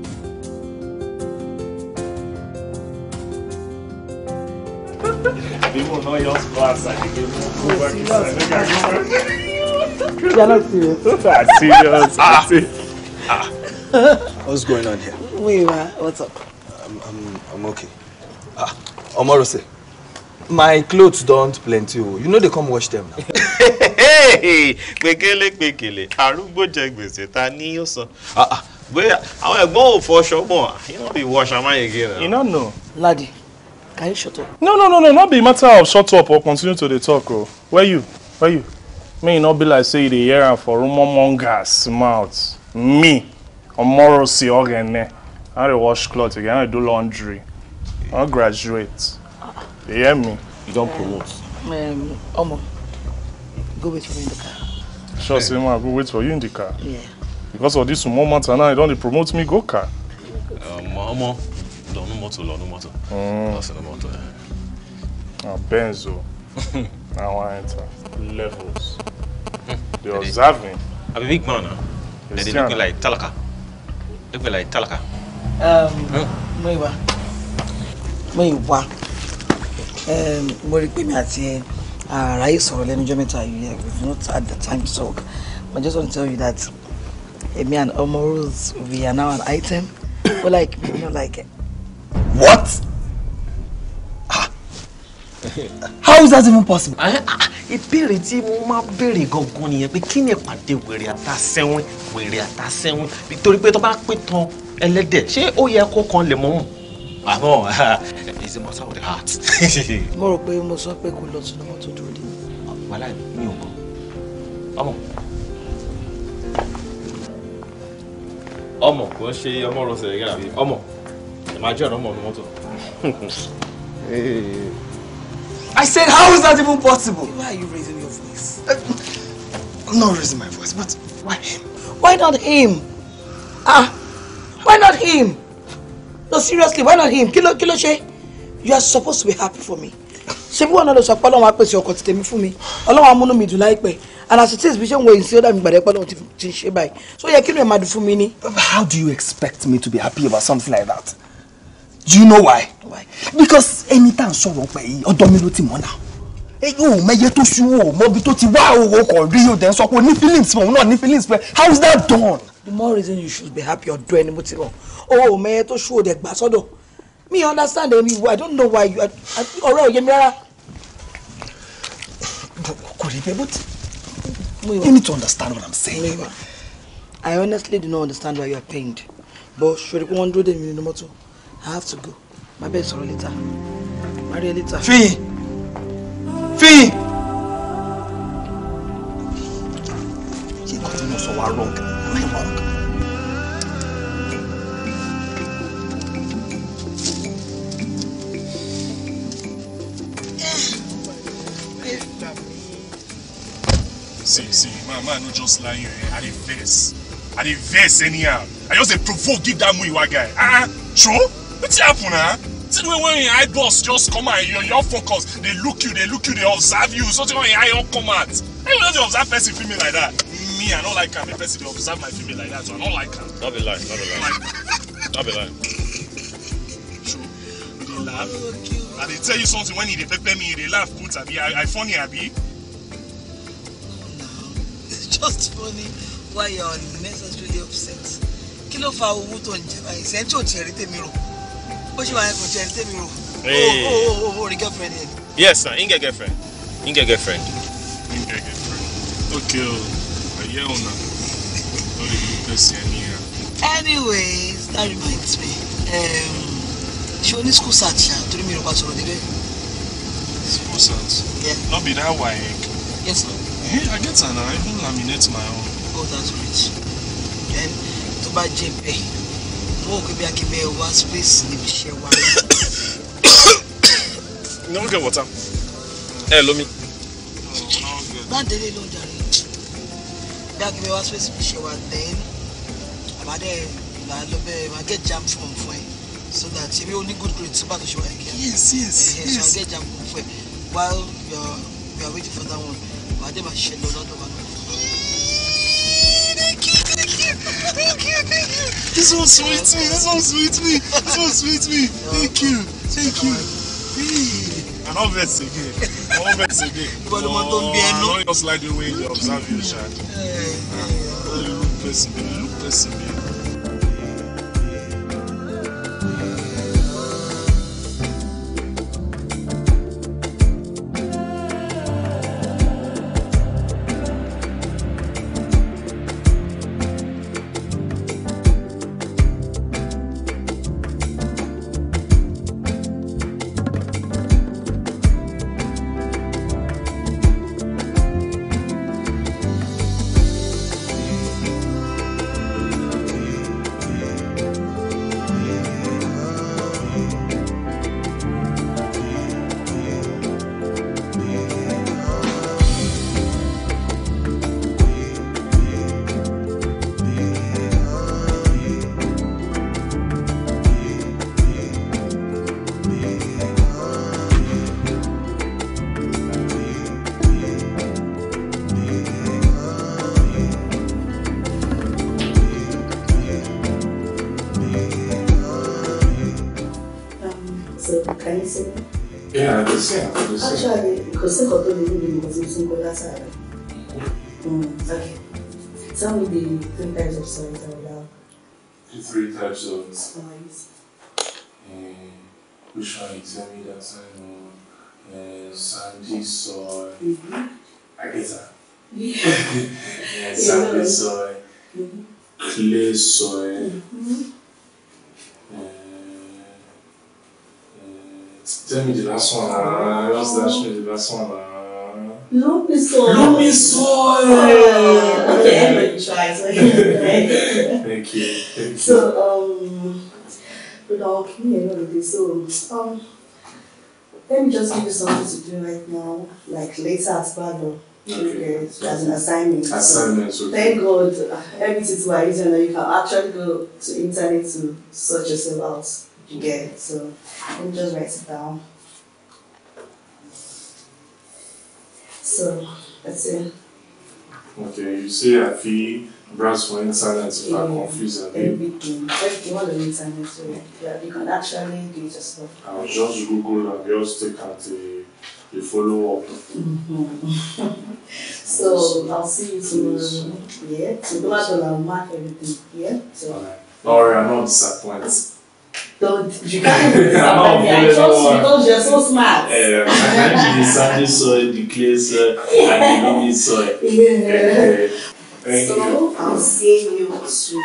to play. People know your class. I I think I go work. You're not serious. Ah. That's serious. Ah. What's going on here? Wait, what's up? I'm, I'm, I'm okay. Ah, Omorose my clothes don plenty o oh. you no dey come wash them now. pẹ̀kẹ́lẹ́ pẹ̀kẹ́lẹ́ arúgbó jẹ gbèsè ta ni yóò sọ ah, ah, bóyá àwọn ẹ̀gbọ́n ò fọṣọ mọ́ ah, you no be wash am again. you no know. ladi can you shut up. no no no no no be matter of shut up or continue to dey talk o oh. where you where you May you no be like say you dey hear am for rumour mongers mouth me omorosi ogene i dey wash cloth again i dey do laundry i no graduate. You hear me? You don't promote. Um, Omo, go wait for me in the car. Sure, yeah. Sima, go wait for you in the car. Yeah. Because of this moment, and now you don't promote me, go car. Um, Omo, don't lọ́nu mọ́tò, lọ́nu mọ́tò. Lọ́sẹ̀ mọ́tò. Ah, Benzo. Oh. now I enter. Levels. Hmm. They and observing. I'm a big man now. Huh? looking like Talaka. Looking like Talaka. Um, hmm? Muiwa. Muiwa mo rí pé mi àti ẹ àráyè sọ̀rọ̀ lẹ́nu ọjọ́ mẹ́ta yìí yẹ we've not had the time to talk but just want to tell you that èmi and ọmọ Rose we are now an item We like we no like it. What? Ah. How is that even possible? Ah, ah, ìbéèrè tí mo máa béèrè gangan nìyẹn pé kí ni ìpàdé wèrè àtàsẹ́wìn wèrè àtàsẹ́wìn nítorí pé tó bá pé tán ẹlẹ́dẹ̀ ṣé ó yẹ kó kan lè mọ́mù àmọ́ is a matter of the heart. mo rò pé mo sọ pé kò lọ sínú mọ́tò dúró dé. wàhálà mi ò mọ ọmọ ọmọ kò ń ṣe ọmọ rọsẹ gẹ́gẹ́ àbí ọmọ ẹ máa jẹ́ ọ̀rọ̀ ọmọ ọdún mọ́tò. I said how is that even possible? Why are you raising your voice? I'm not raising my voice but why him? Why not him? Ah, why not him? No seriously why not him? Kilo, kilo, she you are supposed to be happy for me ṣe bí wọn náà lọ sọ pé ọlọ́run á pèsè ọkọ ti tèmi fún mi ọlọ́run amúnú mi dùn láìpẹ́ and as it is bí ṣé ń wo èyí sí ó dàbí gbàdẹ́ pé ọlọ́run ti ń ṣe báyìí so yẹ kí ló yẹ máa dùn fún mi ni. how do you expect me to be happy about something like that do you know why, why? because anytime tá à ń sọ̀rọ̀ pẹ̀ yìí ọ̀dọ̀ mi ló ti mọ̀ náà èyí ò mẹyẹ tó ṣú o mọbi tó ti wá owó kan rí o dẹ̀ ń sọ pé o ní feelings pẹ̀ òun náà ní feelings pẹ̀ how is that done. the more reason you should be happy ọ̀dọ̀ ẹni mo ti rọ̀ o ò mẹyẹ tó ṣú o gbà sọ́dọ̀ me understand any why i don't know why you ọ̀rọ̀ ò yé mi but you need to understand what i'm saying. i honestly do not understand why you are pained but ṣòro pé wọ́n dúró dé mi nínú mọ́tò i have to go My bẹ́ẹ̀ sọ̀rọ̀ later má rí later. fíyìn fíyìn. ṣé nǹkan tí mo sọ wá wrong see, see, my man no just lie here. I dey vex. I dey vex anyhow. I just dey provoke give that Muiwa guy. Ah, ah true? Wetin happen ah? see, wey when your eye boss just come out, your your focus, they look you, they look you, they observe you. Something when your eye don't come out. I no dey observe person feel me like that. Me, I don't like am. The person they observe my female like that, so I don't like her. No be lie, no be lie. No be lie. True. You laugh. I dey tell you something when you dey pepper me, you dey laugh put abi. I, I funny abi just funny why you are unnecessarily upset kí ló fa owó tó ń jẹ báyìí sẹ́ńtì ò tiẹ̀ rí tèmi rò bó ṣe wà ní kò tiẹ̀ rí tèmi rò o o o o rí girlfriend yẹn. yes sir n get girlfriend n get girlfriend. n get girlfriend okay o ayé ọ̀nà lórí mi pèsè ẹni yẹn. anyways that reminds me ṣé o ní school search ṣá torí mi ò bá sọ̀rọ̀ débẹ̀. school search no be that way. Yeah, I get an. I even laminate my own. Oh, that's rich. Then, to buy jẹ́ bẹ́ẹ̀, mo wò pé bí akébẹ́ wá space níbi iṣẹ́ share one. no get water. Ẹ lómi. Báńdélé ló ń darí. Bí akébẹ́ wá space níbi iṣẹ́ wa, then àbádẹ́ ìlà ló bẹ̀rẹ̀ máa get jam from fún So that if you only good grade tó bá tó ṣe wá ẹ̀kẹ́. Yes, yes, yes. So I get jam from fún while you are, are waiting for that one wàá dé máa ṣẹlẹ̀ ọlọ́dún wa. This one sweet me, this one sweet me, this one sweet me. Thank you, thank you. Hey. And all vets again, all vets again. Gbọ́dọ̀ mọ Don't just like the way you observe your child. Hey, you look person, you look person. Tell me that time on uh, Sandy Soy. Mm-hmm. I guess that. Yeah. Sandy Soy. Mm-hmm. Clay Soy. Mm-hmm. Uh, uh, tell me the last one. Uh, what's that? Show me the last one. Uh. Lumi Soy. Lumi Soy. Uh, okay, everybody tries. Okay. Thank you. Thank um, you. So, um, without me, I'm going to be so. Um, let me just give you something to do right now, like later at Bado. Okay. okay, as an assignment. Assignment. So, okay. Thank God, every tutorial you know, you can actually go to internet to search yourself out. You get it. So let me just write it down. So that's it. Okay, you see, I feel brands for internet if yeah. I'm confused. Everything. Everything on the internet. So yeah, you can actually do it yourself. I'll just Google and just take out the, the follow up. Mm-hmm. so, I'll see you tomorrow. Please. Yeah. Tomorrow so, I'll mark everything. Yeah. So. All Don't worry, I'm not disappointed. Don't you can't be disappointed. I trust you because you're so smart. Yeah, I can't be soil, the clay soil, and the loamy soil. yeah. Thank so you. I'll see you tomorrow.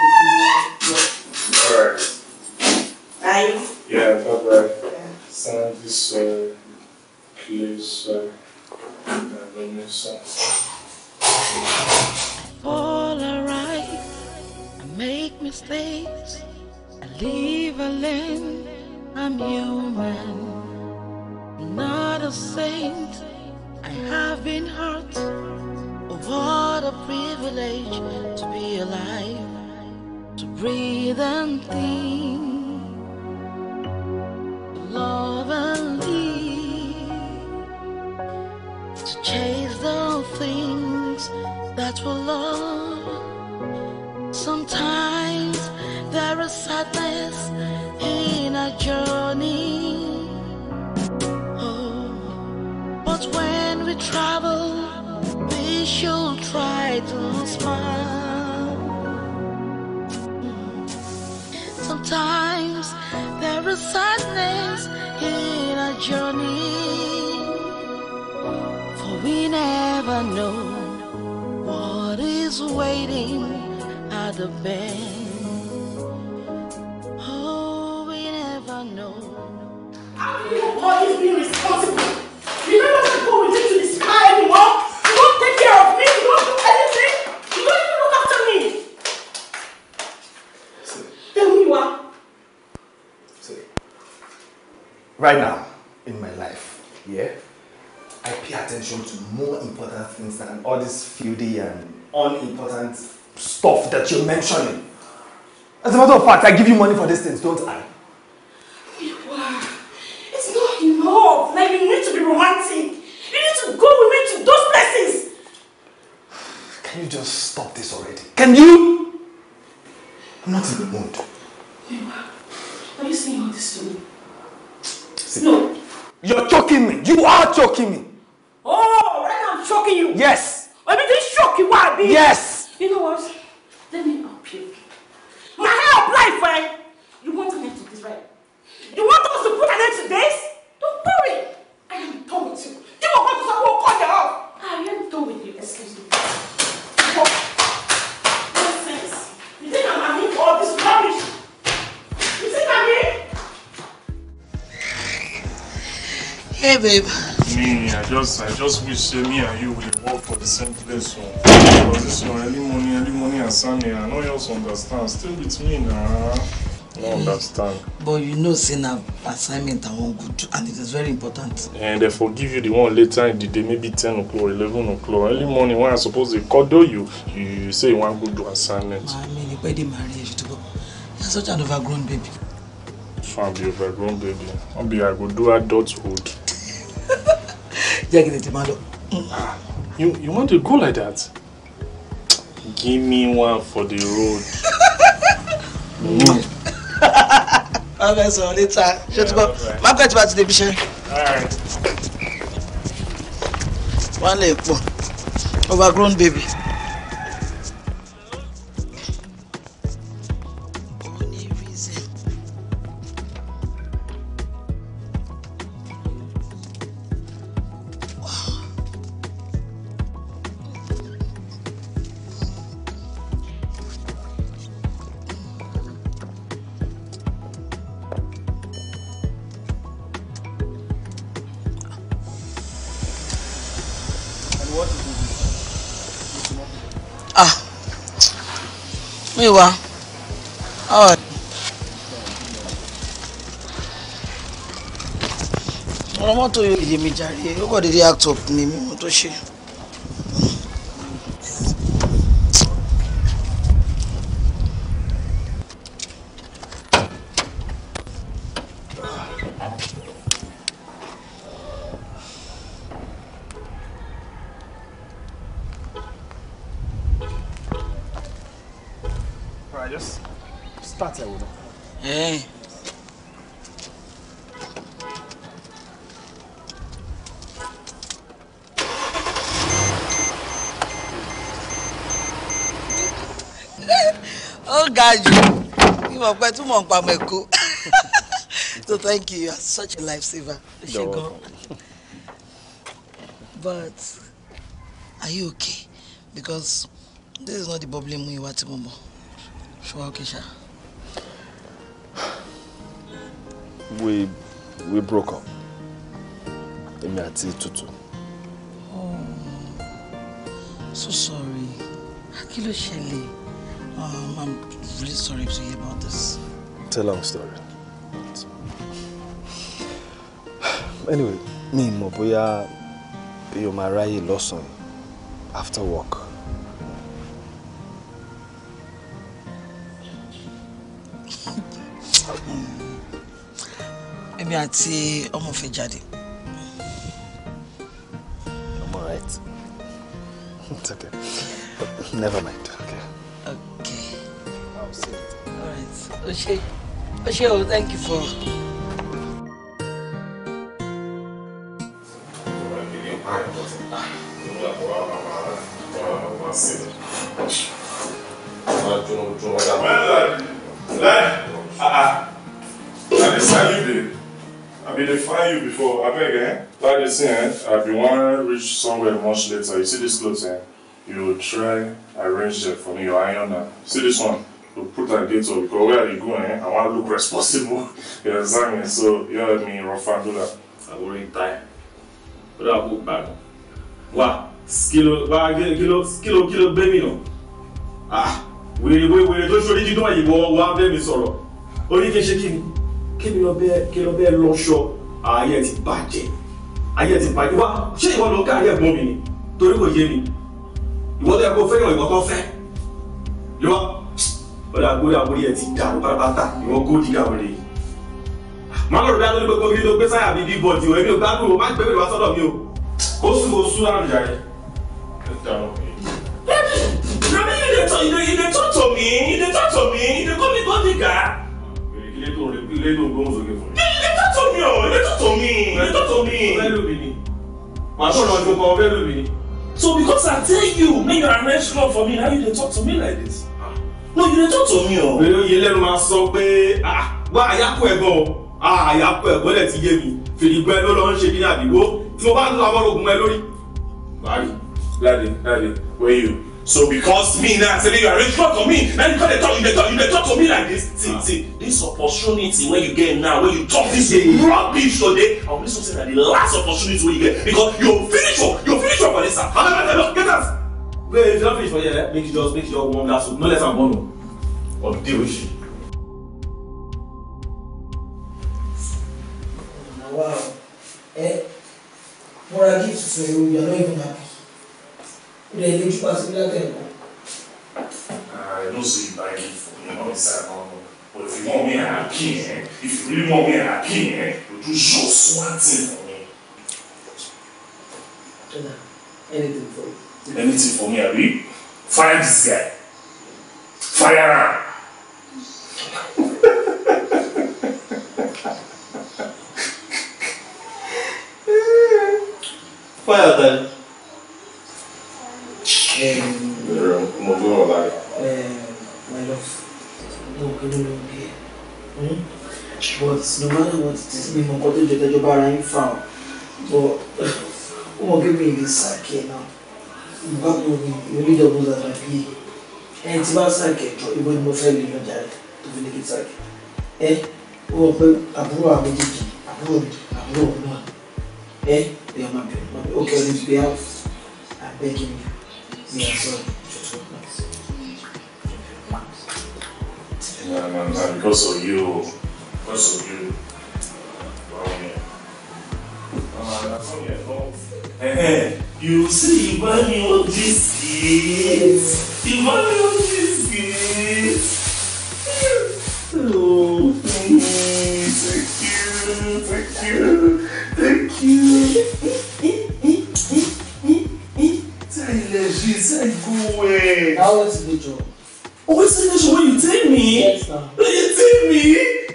Alright. Bye. Yeah, bye bye. Send this uh, place uh, All alright, I make mistakes, I leave a land, I'm human. Not a saint, I have been hurt what a privilege to be alive, to breathe and think, to love and live, to chase the things that we love. Sometimes there is sadness in a journey. Oh, but when we travel, She'll try to smile. Sometimes there is sadness in a journey, for we never know what is waiting at the bend. Oh, we never know. How do you always be responsible? Remember what people will do to the sky anymore. right now in my life, yeah, I pay attention to more important things than all this fieldy and unimportant stuff that you're mentioning. As a matter of fact, I give you money for these things, don't I? It's not enough. Like, you need to be romantic. You need to go with me to those places. Can you just stop this already? Can you? I'm not in the mood. Are you saying all this to me? No. You're choking me. You are choking me. Oh, right now I'm choking you. Yes. I mean, this shock you are being. Yes. You know what? Let me help you. My help life, right? Eh? You want an end to this, right? You want us to put an end to this? Don't worry. I am done with you. You want us to walk on oh, your own. I am done with you. Excuse me. Walk. Hey, babe. Me, I just, I just wish me and you would work for the same place. So, because it's your early morning, early morning and Sunday. I know you also understand. Still with me now. I understand. But you know, saying an assignment I want good, and it is very important. And they forgive you the one later in the day, maybe 10 o'clock, 11 o'clock, early morning when I suppose they cuddle you, you, you say you want good assignment. I mean, the wedding marriage, to go. You're such an overgrown baby. If I'm the overgrown baby, I'll be, I go do adulthood jẹ́ kí n tètè máa lọ. You, you want to go like that? Give me one for the road. Wọ́n fẹ́ sọ̀rọ̀ níta. Ṣé tí bọ́? Má bá ti débi iṣẹ́. Wọ́n lè pọ̀. Overgrown baby. Miwa, how are you? ọ̀rọ̀ mọ́tò yóò yé mi jàre ó kọ̀ déédéé act up ni mímú tó ṣe. mọ̀ nípa so thank you you are such a lifesaver. saver but are you okay because this is not the bubbly Muyiwa tí mo mọ̀ ṣùgbọ́n okay ṣá. we we broke up èmi àti tutu. Oh, so sorry kí ló ṣẹlẹ̀. Um, I'm really sorry to hear about this. It's a long story. Anyway, me and bóyá bí o máa ráyè lọ́sàn-án after work. Maybe àti see fẹ́ jáde. I'm alright. It's okay. Never mind. Okay. Okay. I'll see you Alright. Okay. Bashir, thank you for. Well I been find you before. I beg, eh? Like this, eh? I be one reach somewhere much later. You see this clothes, eh? You will try arrange them for me. Your iron, see this one. to put her date on because where are you going? Eh? I want to look responsible. you understand me? So you know me, Rafa, do that. I will retire. But I'll go back. Wow. Kilo, wa kilo, kilo, kilo, baby no. Ah, wèrè wèrè tó ṣorí dídún àyìnbó wa bẹ́ẹ̀ mi sọ̀rọ̀. Orí kí n ṣe kí ni? Kí ni lọ bẹ́ẹ̀ kí lọ bẹ́ẹ̀ lọ́ṣọ? Ayé ti bàjẹ́. Ayé ti bàjẹ́. Wá ṣé ìwọ lọ ká ayé ẹ̀gbọ́n You want to kò yé mi. Ìwọ tó yẹ kó fẹ́yàn ìwọ tó fẹ́. Yọ ọ̀dà gbórí àgbórí ẹ̀ ti dàrú pátápátá ìwọ góòdì gàwèrè yìí. má lọ rí alórí gbogbo gírí gbé sáyà bíbí bọ̀dì o èmi ò gbádùn o má gbé mi wá sọ́dọ̀ mi o. ó sùn ó sùn láàrú jàre. Rami, you dey talk, you dey, you dey talk to me, you dey talk to me, you dey call me bodyguard. Ilé tó ń ilé tó gbóhùn sókè fún mi. Ilé tó tó mi o, ilé tó tó mi, ilé tó tó mi. Fẹ́lú mi ni. Màá tó lọ ju kan fẹ́lú ni. So because I tell you, make you arrange love for me, now you dey talk to me like this no you dey talk to me o. èrè oyè lẹ́nu máa sọ pé ah, ah, wá àyàkú ẹ̀gbọ́n o ah, àyàkú ẹ̀gbọ́n lẹ̀ ti yé mi fìdígbọ́ ẹ ló lọ́ ń ṣe kíní àdìgbò tí mo bá ń lo àwọn oògùn ẹ lórí. bari lade lade where you. so because me now say you arrange work to me na you come dey talk you dey talk you dey talk to me like this see see this opportunity wey you get now wey you talk this rubbish today i will make sure say na the last opportunity wey you get because you finish work you finish work for this time. Wait, if you don't finish for here, eh? make sure just make sure warm that soup. No less than one oh. of the wish. Ah, wow. Eh? What I give to you, you are not even happy. Would I let you pass it like I don't for I give for you, not inside But if you want me, I'm king. Eh? If you really want me, I'm king. Eh? You do just one thing for me. Anything for you anything for me abi fire this guy fire am fire ta. mo gbé wọn eh, my love No, no, no, no, bí ẹ but no matter what it is mi mọ nǹkan tó jẹ tẹjọba ara yín fà but ó mọ gé mi ìlú sáà kí ẹ náà nǹkan tó ní onídẹ̀ẹ́bù zàtà bí ẹ ti bá sàkẹ́ jọ ìwé ni mo fẹ́ lè yan jàre tó fi ní kí sàkẹ́ ẹ ó wọ pé àbúrò àwọn méjèèjì àbúrò mi àbúrò mi náà ẹ bẹ́ẹ̀ máa bẹ̀rẹ̀ máa bẹ̀rẹ̀ ó kẹ́ ní bẹ́ẹ̀ abẹ́gi mi mi àtọ́ ìjọba náà. because of you because of you. Well, You see, money on this kids. The money on this kids. Oh, thank you, thank you, thank you. Say, Leslie, say, go away. How was the job? Oh, it's the job when you take me. Yes, sir. When you take me,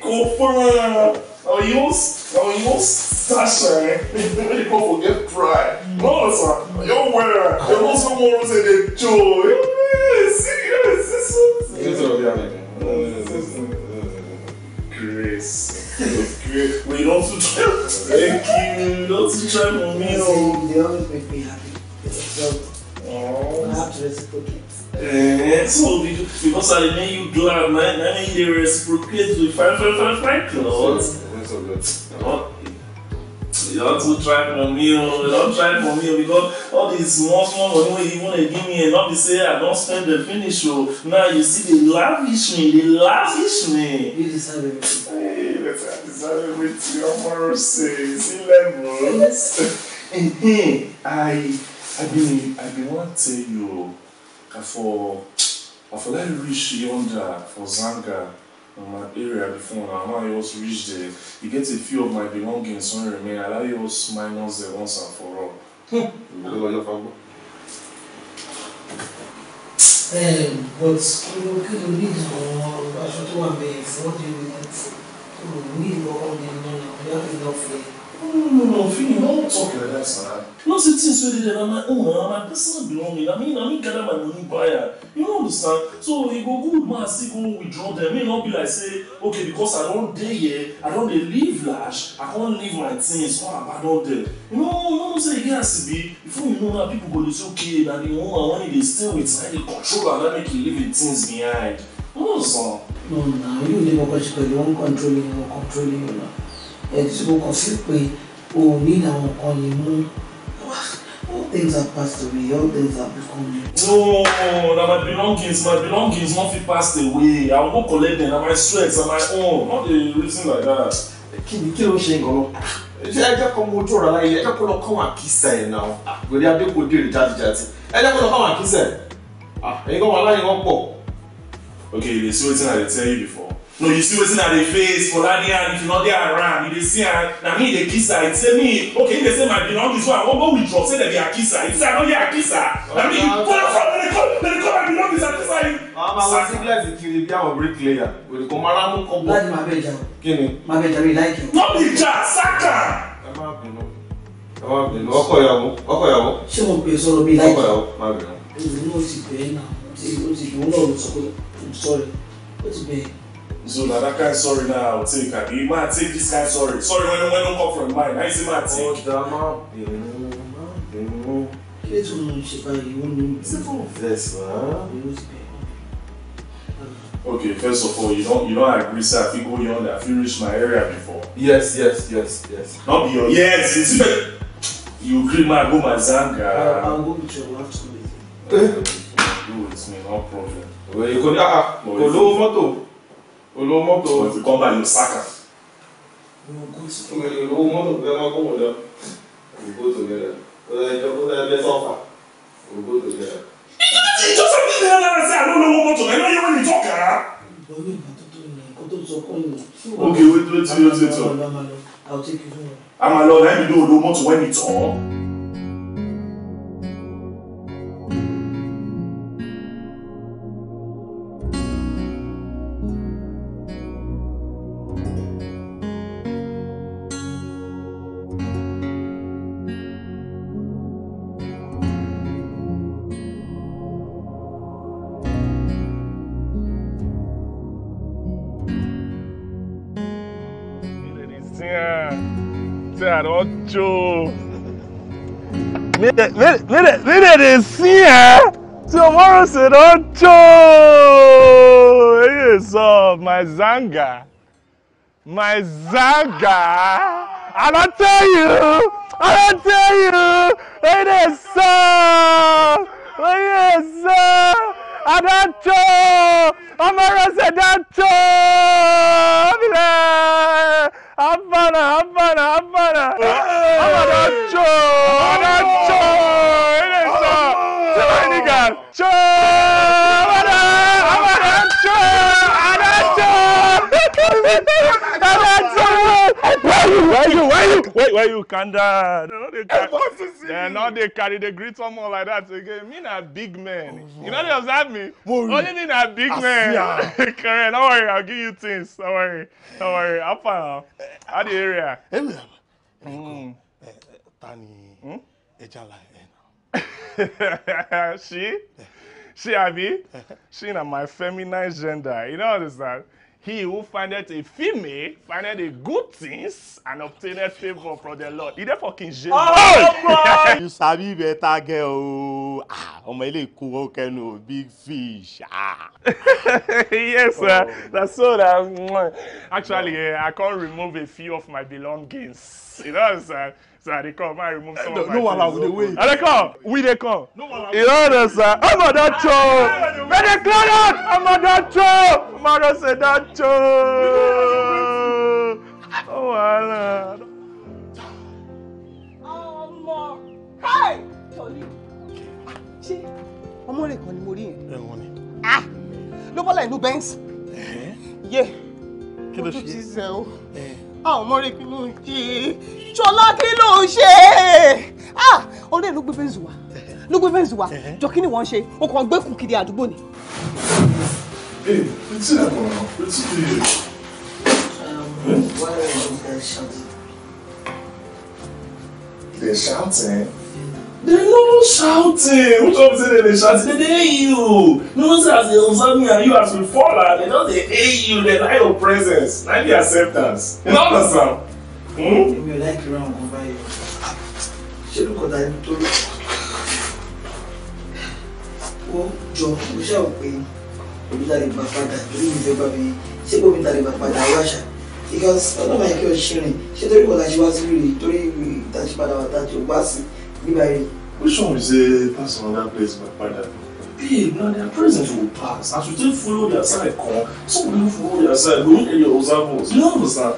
go for it. Or you or you sashay, when you go forget cry. No, sir. You wear. You also want to say the joy. Oh, yes, yes, yes. This is what Grace. Grace. We don't try. Thank you. don't try for me. They always make me happy. Oh. I have to reciprocate. Eh, eh so because I made you glad, man. I mean, they reciprocate with five, five, five, five clothes. so good. Oh, you don't too try for me, oh. you don't try for me oh, because all these small small money wey you wanna give me and not be say I don't spend the finish o. Now you see they lavish me, they lavish me. You deserve everything. Hey, I deserve everything. Your Rose, you see levels. Eh, eh, I I been I been wan tell you for for that rich yonder for Zanga on my area before now. How I also reach there, you get a few of my belongings So, on remain. Allow you us minus there once and for all. Hmm. Um, but you know, kí ló ní ìdùnnú aṣọ tó wà bẹ́ẹ̀ fún ọ́ di ìròyìn tó lò ní ìlọ́wọ́ ní ìlú náà bí wọ́n ti fún ẹ. No, no, no, no, don't talk like that, sir. No, see, things where they are my own, are my personal belonging. I mean, I mean, gather my money buyer. You know, understand? So, you go good, man, still go withdraw them. May not be like, say, okay, because I don't dare yet, I don't dare leave lash, I can't leave my things, come abandon them. You know, you know, say, yes, be, before you know that, people go, it's okay, that the woman, when they stay with her, they control and that make you leave the things behind. You know, understand? No, no, you never control, you won't control, you won't control, you know ẹ̀dùn kan sí pé o ní àwọn nǹkan yìí mú all things have passed away all things have become new. no na my belongings my belongings no fit pass away i go collect them na my sweat na my own no dey reason like that. kí ni kí ló ń ṣe nǹkan náà ṣé ẹjọ́ kan mo ojú ọ̀rọ̀ láyé ẹjọ́ kan lọ kọ́ wọn àkísà ẹ̀ náà gbèrè adéko dèrè jáde-jáde ẹjọ́ kan lọ kọ́ wọn àkísà ẹ̀ ah, ẹ̀yin kan wọn aláyẹ̀ wọn pọ̀. okay you dey see wetin i dey tell you before no you see wetin i dey face for that year if you no dey around you dey see am na me dey kiss her he say me okay he dey say my belongings so i wan go withdraw say dem be akisa he say i no dey akisa na me go from dem dey call dem dey call my belongings akisa ah, him. mama wa singlet kiri bi awon break layer wey dey ko mara mu kọ bọ. láti máa bẹ jà o. kíni. máa bẹ no be jà saka. ẹ má bínú ẹ má bínú ọkọ ìyàwó ọkọ ìyàwó. ṣé mo pè sọ̀rọ̀ mi láìkì. ọkọ ìyàwó má bínú. èmi náà ti bẹ̀ẹ́ náà ó ti òun náà ló sọ pé i'm sorry ó ti bẹ̀ẹ́. So now that kind of sorry now I'll take. I mean, man, take this kind of sorry. Sorry when when don't come from mine. I see man take. Oh, drama, binu, binu. Kile tu mshika yunu. Simple. Yes, man. Okay, first of all, you don't you don't agree, sir. I think going on that I you reached my area before. Yes, yes, yes, yes. Not be your yes. It's, you agree, man. Go my zanga. Uh, I'll go with your wife to Do with me. No problem. Well, you could ah, go low photo olówó mọ́tò kọ́mbà ló sáka olówó mọ́tò bẹ́ẹ̀ máa kó wọlé ògbó tó gẹ̀rẹ̀ ó lè bẹ́ sọ́fà ògbó tó gẹ̀rẹ̀. ìdí ìjọsìn mi lè lára sí àlọ́ olówó mọ́tò ẹ̀ wọ́n ní tọ́ka. oge wo dúró tí ó ti tọ̀ a máa lọ ló olówó mọ́tò wẹ́ni tọ̀ Mire dey see eh? Tomorrow se don cho! Eye so, my zanga. My zanga. I don tell you! I don tell you! Eye dey so! Eye so! I don cho! Tomorrow se don cho! Abana, Abana, Abana! Abana cho! Abana! Adájọ́ ọ̀dà adájọ́ adájọ́ adájọ́. Where you where you where you where, where you calm down. They no carry they carry dey greet someone like that again. Me a big man. Oh, you no dey observe me. Only me a big man. Correct. Don't worry, I'll give you things. Don't worry. Don't worry. How far? How the area? Area. Mm. Eh, eh, Tani. Hmm? Ejala. Eh. she, she Abby, she na my feminine gender. You know understand? He who findeth a female findeth a good things and obtaineth favour from the Lord. He therefore King James. Oh, oh my you sabi better girl Ah, Ọmọ ilé ìkówó kẹnu o big fish. Ah, yes oh. uh, na so na actually uh, I can't remove a few of my belongings. You know what I'm saying? I dey come. I remove some eh, no, of my No wahala, we dey wait. I dey come. We dey come. No wahala. You don't understand. Amadacho. Make dem clear out. Amadacho. Amado say dacho. Oh wahala. Ọmọ. Hi. Tọ́lí. Ṣé ọmọ rẹ̀ kan ni mo rí yẹn? Ẹ̀wọ̀n ni. Ah! Ló bọ́lá ìlú Benz. Yé. Kí ló ṣe? Ojú ti zẹ̀ o àwọn ọmọ rẹ kí ló ń ṣe ṣọlá kí ló ń ṣe ah, ọ̀rẹ́ ló gbé fẹ́ǹsì wá ló gbé fẹ́ǹsì wá jọ kí ni wọ́n ṣe o kàn gbé kùkìrì àdúgbò ni. Hey, what's that, man? What's the deal? Um, why are you guys shouting? They're shouting. They no shouting. Which one say they dey shout? They dey hail you. No one say as they observe me and you as we fall out, they just dey hail you. They like your presence, like the acceptance. You know what I'm saying? Èmi ò láìpẹ́ ra ọ̀gbọ́n báyìí. Ṣé ló kọ̀dà ẹni tó lọ? Ó jọ mo ṣe àwọn pé olùdarí bá padà torí ìfẹ́ bá mi ṣé kò mi darí bá padà wá ṣá. Because ọlọ́mọ yẹn kí o ṣe rìn ṣé torí kọ̀dà ṣe wá sí rírì torí ìrìn ìtàṣípadà wà tá a ti ò gbá sí i nígbà which one we say pass another place by padà. babe eh, now their presence will pass as we take follow their side come some people follow their side go make your observance you understand.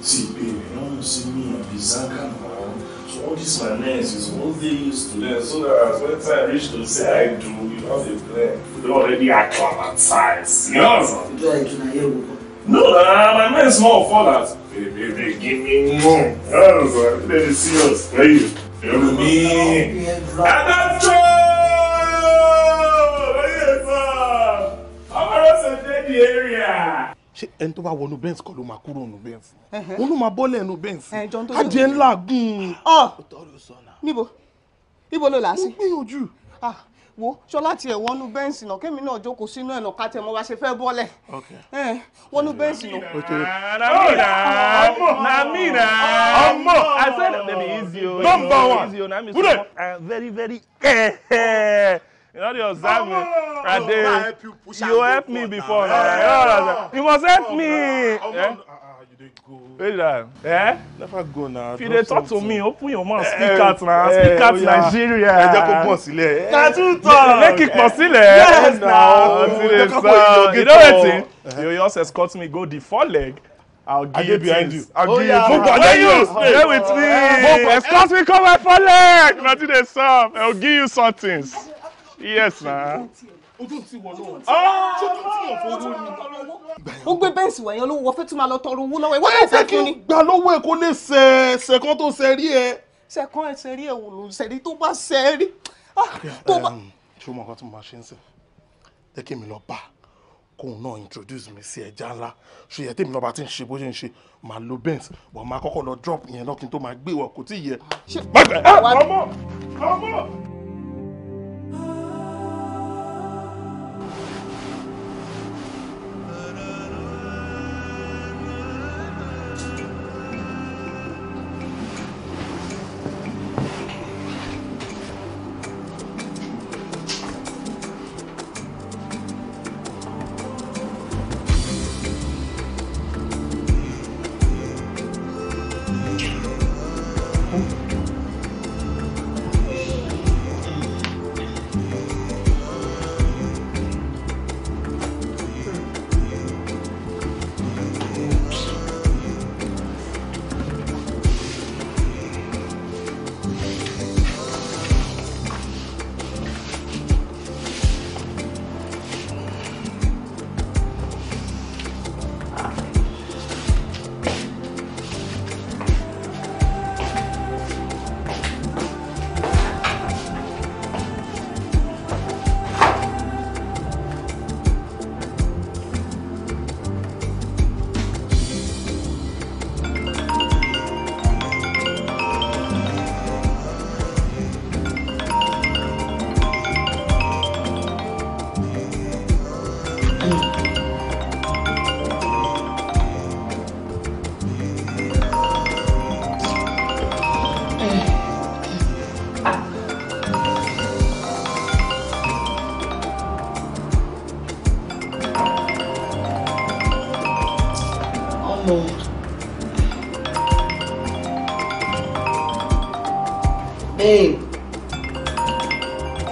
see babe you don't see me i be zaka man so all this my nurse is one day used to learn so that as when time reach to say i do you have a plan you already acclimatize you know what i'm saying. no na my mind more for that. babe babe give me more. you understand? Let me see very serious you ẹrù mi adájọ́ oyè sọ ọmọlọ́sẹ̀ dé di area. ṣé ẹni tó bá wọnú bẹ́ǹsì kọ́ ló máa kúrò nù bẹ́ǹsì wọn ló máa bọ́lẹ̀ nù bẹ́ǹsì adìẹ ńlá gùn. ọ níbo níbo ló là á sí. mo gbìyànjú. Ah wo ṣọlá tiẹ̀ wọnú bẹ́ǹsì náà kémi náà jókòó sínú ẹ̀ náà ká tẹ̀ mọ́ ṣe fẹ́ bọ́lẹ̀ wọnú bẹ́ǹsì náà. namira namira ọmọ i said let me easy o number one bude uh, very very you know the exam ade you help me before you must help me dey go. eh? never go now. if you talk to me open your mouth eh, speak out na eh, speak out nigeria ẹ jẹ́ kó eh, pọ̀ sílẹ̀. na true talk. make pọ̀ sílẹ̀. yes na until e sound you know wetin you just escort me go the four leg. I'll give you behind you. I'll give yeah. you. Move Where you? Stay with me. Escort me come my four leg. Nothing dey sup. I'll give you some things. Yes na. Ojú ti wọ̀ náà. Ṣé ah! ojú ti wọ̀ fún owó ni? ó gbé bẹ́ǹsì wà yẹn olówó fẹ́ tún máa lọ tọrọ owó lọ́wọ́ ẹ̀ wọ́n tó fẹ́ fún ni. gbà lọ́wọ́ ẹ̀ kó lè sẹ̀ sẹ̀kán tó sẹ̀ rí ẹ. sẹ̀kán ẹ̀ sẹ̀ rí ẹ̀ wò tó bá sẹ̀ rí. Ah, um, ṣé o mọ nǹkan tí máa ṣe ń sìn jẹ́ kí mi lọ bá kóun náà introduce mi sí ẹja ńlá ṣe yẹ tèmi náà bá ti ń ṣe bó ṣe ń ṣe màá lo bẹ́ǹsì wà máa kọ́kọ́ lọ drop yẹn náà kí n tó máa gbé wọ kò tí ì yẹ. má ọmọ ọmọ.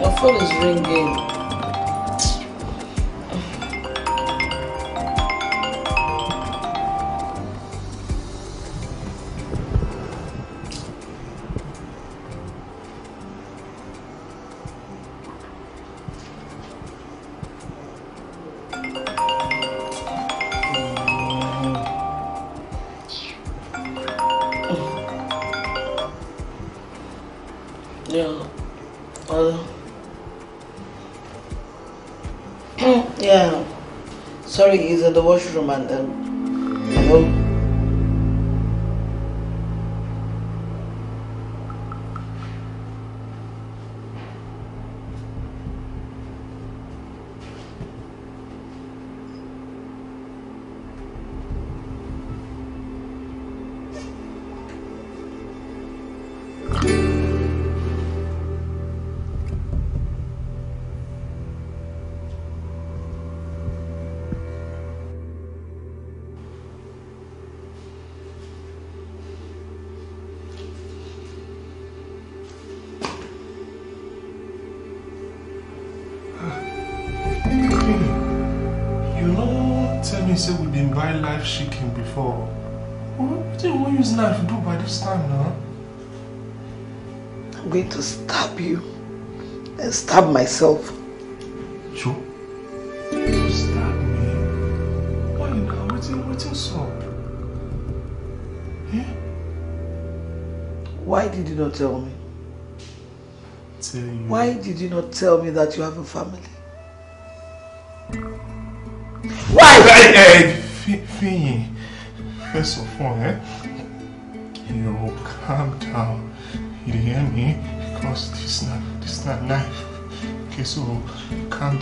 My phone is ringing. 的 washroom andando stab myself. Sure. You stab me? Why you now? Wetin wetin sup? Eh? Why did you not tell me? Tell you. Why did you not tell me that you have a family? Why? Fíyìn, Finny? First of all, eh.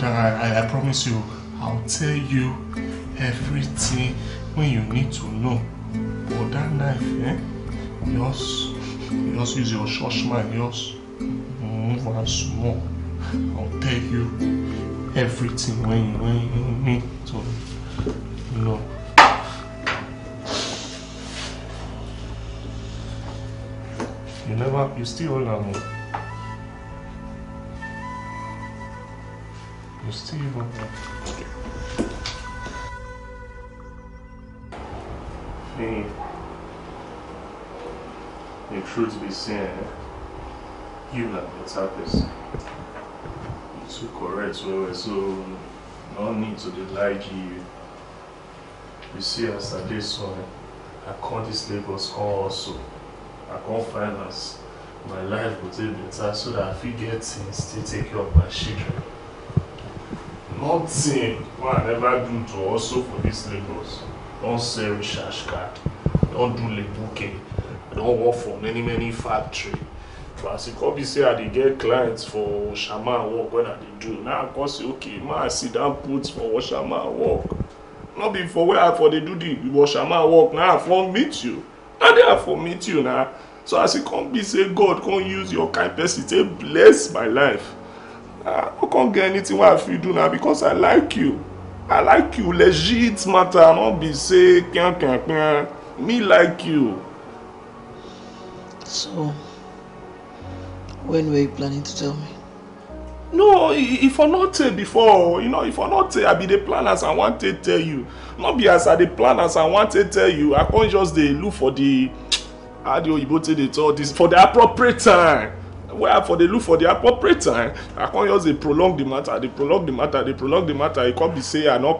I, I promise you, I'll tell you everything when you need to know. But that knife, eh? Yours. Yours is your church man, yours. Move on small. I'll tell you everything when you, when you need to know. You never, you still hold on. Pusti go. Fiend. May truth be seen. You know what's happened. It's correct, well, so no need to be like you. You see, as at this one, I can't this Lagos call also. I can't finance. My life would be better so that I feel get things to take care of my children. nothing wey I never do to also for this Lagos. Don sell research card, don do lebuke, don work for many many factory. But as e come be say I dey get clients for shaman work wey I dey do, now I come say okay, ma I sit down put for shaman work. No be for where I for dey do the shaman work, now I for meet you. Now there I for meet you now. So as e come be say God come use your kind person take bless my life. I can't get anything wey I feel do na because I like you. I like you legit matter no be say can can can. Me like you. So, when were you planning to tell me? no if i not tell before you know if i not tell i be the plan as i wan take tell you Not be as i the plan as i wan take tell you i can't just dey look for the how the oyibo take dey talk this for the appropriate time Where for they look for the appropriate time i come just dey prolong the matter dey prolong the matter dey prolong the matter e come be say i no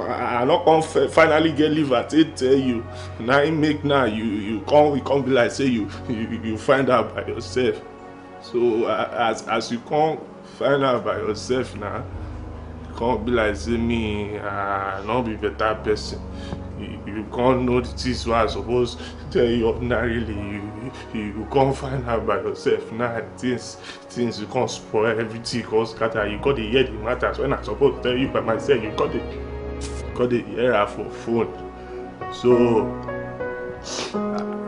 come i no come finally get leave at eight tell you na im make now you you come e come be like say you you you find out by yourself so as as you come find out by yourself na you e come be like say me i no be better person you, you come know the things wey i suppose tell you ordinarily you you go come find her by yourself now things things you come spoil everything you come scatter you got dey hear the matters when i suppose tell you by myself you got dey Got the hear her for phone so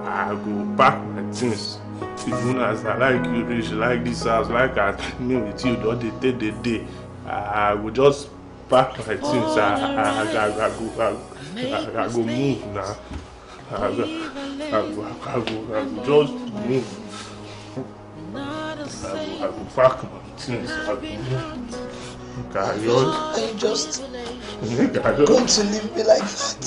i, I go pack my things even as i like you reach like this house like as me with you don dey take the day, i will just pack my things i i i, I go i, I, I go move now. Agbo, agbo, agbo, agbo, just move. Agbo, agbo, pack my things, agbo, move. Carry on. I just going to leave me like that.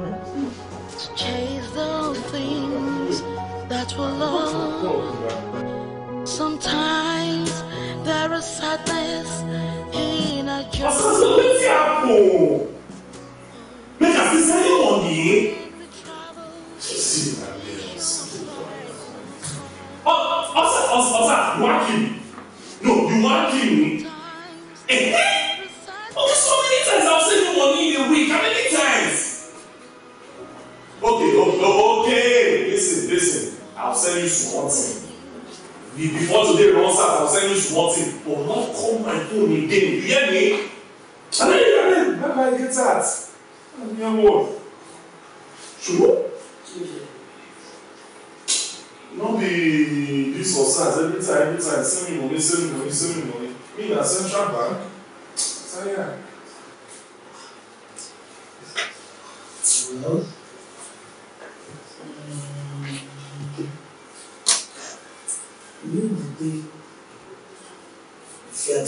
My to Chase those things that were lost. Sometimes. There is sadness in a just. Ọ̀sán ló ti àpò. Bẹ́ẹ̀ni àti sẹ́yìn wọ̀nyí. Jésù ìrànlẹ́ No, you wákì mi. Eh, eh, okay, oh, so many times I've seen you money a week. How many times? Okay, okay, okay. Listen, listen. I'll send you something we before today we wan start for you one thing but now call my phone again you hear me and then you hear me how can i get that and you hear what ṣùgbọ́n no be this or that every time every time send me money send me money send me money me na central bank tell ya.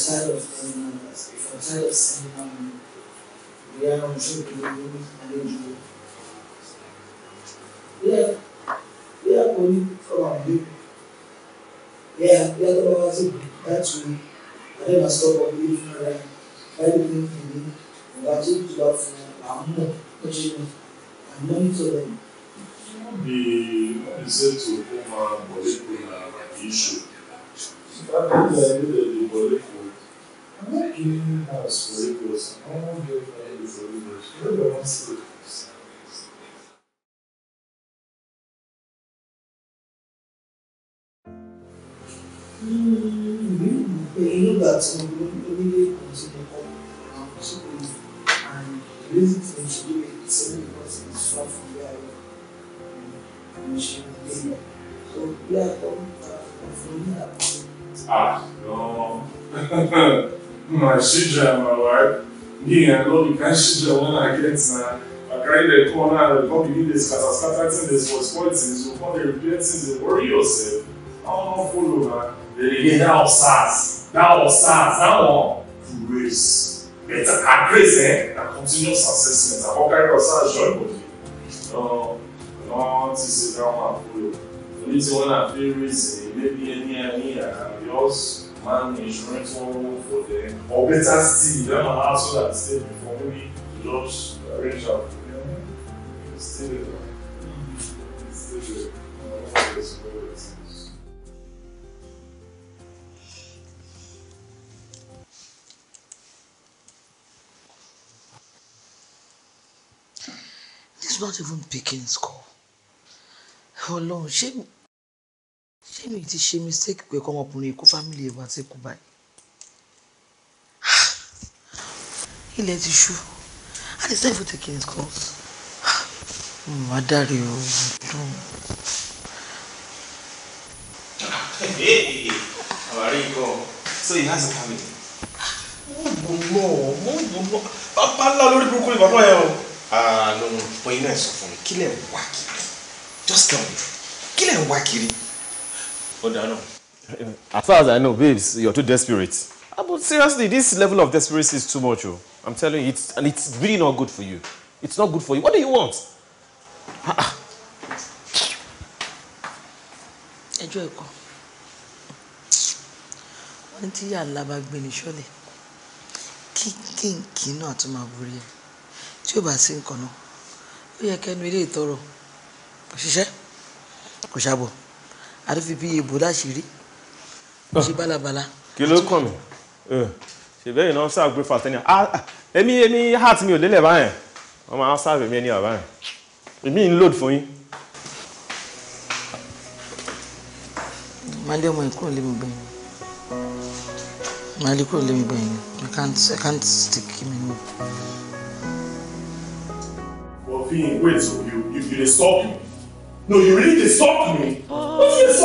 outside of Hanuman, e a gente we are on show to the arrangement. We are, we are going from our view. Yeah, we are talking a it that way. I never stop of believing that everything in me, and that's it to love for our more, achievement, and money to them. to come and believe in our issue. That is the idea that the belief making us rigorous in all the ways of which everyone believes. You know that only consider all possible and the reason for it to do it is only because it's far from where I live and she was there. So we are come from here. Ah, no. My my wife, masiđama, ovaj, nije logika šiđa, ona kjecna, a kaj come, to ona, ko bi ide s kazaskatac, ide svoj svojci, iz uhodaju pjeci, borio se, a ono fulova, jer je dao sas, dao sas, dao furis. Meta agrese, na continuous eh, assessment, a qualquer coisa joga aqui. Então, antes se dá uma fulova. Ele tem uma furis, ele tem a minha, any, minha, a yours. Man, insurance one for them, or better still, them and us so that stay before maybe just arrange out for them. Stay there. Stay there. He's not even picking school. Ọlọ́run ṣé ṣé mi ti ṣe mistake pé kọ́ ọmọkùnrin kó fámìlì ẹ̀ wá sí kú báyìí ilẹ̀ ti ṣú àti sẹ́fù ti kì í kọ́ wàá dárí o dùn. àwárí ikọ̀ so he has a family. mo mọ̀ mo mọ̀ pápá ńlá olórí burúkú ni bàbá yẹn o. àà lóhun pé iná ẹ̀ sọ fún mi kí lẹ̀ ń wá kiri just tell me kí lẹ̀ ń as far as I know babes you're too desperate. Ah, but seriously this level of desperation is too much oh! I'm telling you it's and it's really not good for you it's not good for you what do you want. Enjoy ah, ah. ẹ̀kọ́ wọ́n ti your lábàgbé ní sọ́lẹ̀ kí kínkín náà tún máa borí ẹ̀ tí ó bá sí nǹkan náà ó yẹ kẹ́nu ilé ìtọ́rọ̀ àrífi bí èbó láṣìírí ṣe bálabàla. kí ló kàn mí ṣèbẹ́yìn náà ṣàgbé fàtẹ́ni ah, ah, èmi èmi heart mi ò lélẹ̀ báyẹn wọ́n máa ń sáàbì mí ẹni àbáyẹn èmi ń load fún yín. máa lé ọmọ yìí kúrò lémi gbẹ̀yìn máa lé kúrò lémi gbẹ̀yìn I can't I can't stick him anymore. Well, Finn, wait, so you, you, you dey stop me? No, you really dey stop me? Oh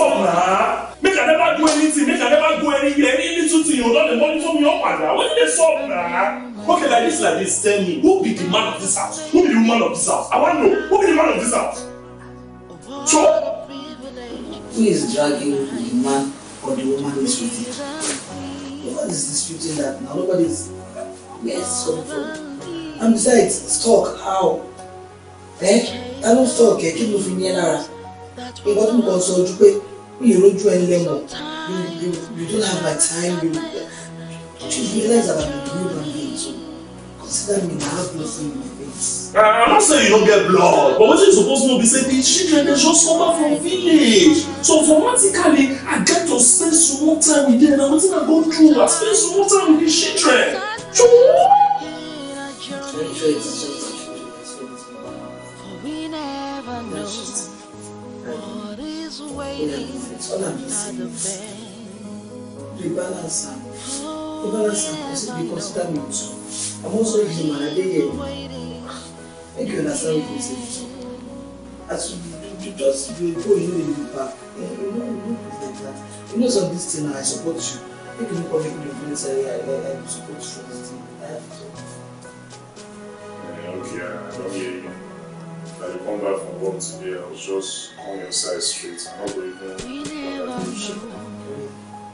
stop na make i never do anything make i never go anywhere any little thing you don dey monitor me up and down wetin dey sup na. okay like this like this tell me who be the man of this house who be the woman of this house i wan know who be the man of this house. so. who is dragging the man or the woman is with you nobody is disputing that now nobody is where is coming from and besides stock how eh i don't talk eh kí ló fi ní ẹ lára nǹkan tó ń kọ sọ you know you and them you, you, you don't have my time you don't you realize that I'm a human being so consider me I have nothing my face. Ah, I'm not saying you don't get blood but what you suppose know be say the children dey just come back from village so automatically I get to spend some more time with them na wetin I go through I spend some more time with the children. Choo! waiting are the best. Rebalance am. Rebalance am because that means I'm also human. I dey here. Make you understand what I'm saying. As you just go here and you back, you know you know that. You know some this thing I support you. Make you no come make me feel say I I I support you for this thing. I have to. Okay, I don't you that you come back from work today, I'll just come your side straight. I'm not going to even.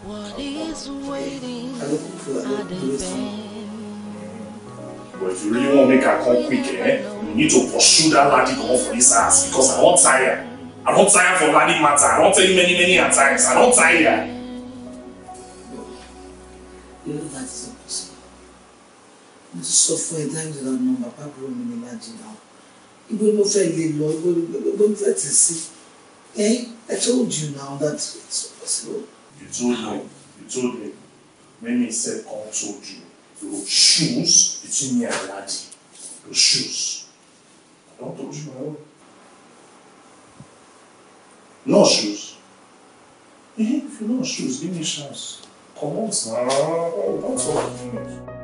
What is waiting but if you really want to make her come quick, eh, you need to pursue that lady come for this ass because I don't tire. I don't tire for laddie matter. I don't tell you many, many at times. I don't tire. You know that is impossible. Mo ti sọ fún ẹ dáhùn ìlànà bàbá àbúrò mi ní Nàìjíríà ibo ni mo fẹ́ lè lọ ibo ni mo fẹ́ tì I told you now that it's possible. you told me you told me when he said, come told you you go choose between me and Ladi you go choose I don told you my own no shoes. eh if you no shoes, give me chance comot na that's all.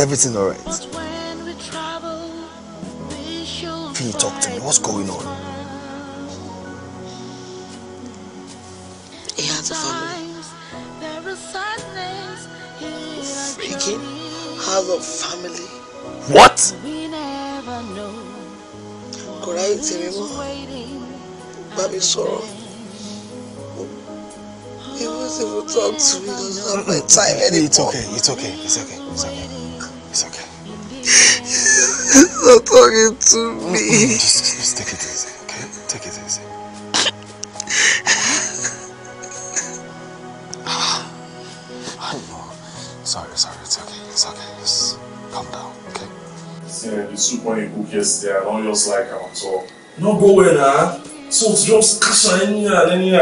everything all right? Can you talk to me? What's going on? He has a family. Freaking has a family. What? Kò ráyè tèmi mọ́, bá Baby, sọ̀rọ̀. He able to talk to me, Doesn't have my time anymore. It's okay, it's okay, it's okay, it's okay. He's not talking to me. just, just take it easy, okay? Take it ah, easy. I know. Sorry, sorry, it's okay. It's okay. Just calm down, okay? Yeah, the soup when you cook yesterday, I don't just like it So, all. No go where now. So it's just cash in here and in here.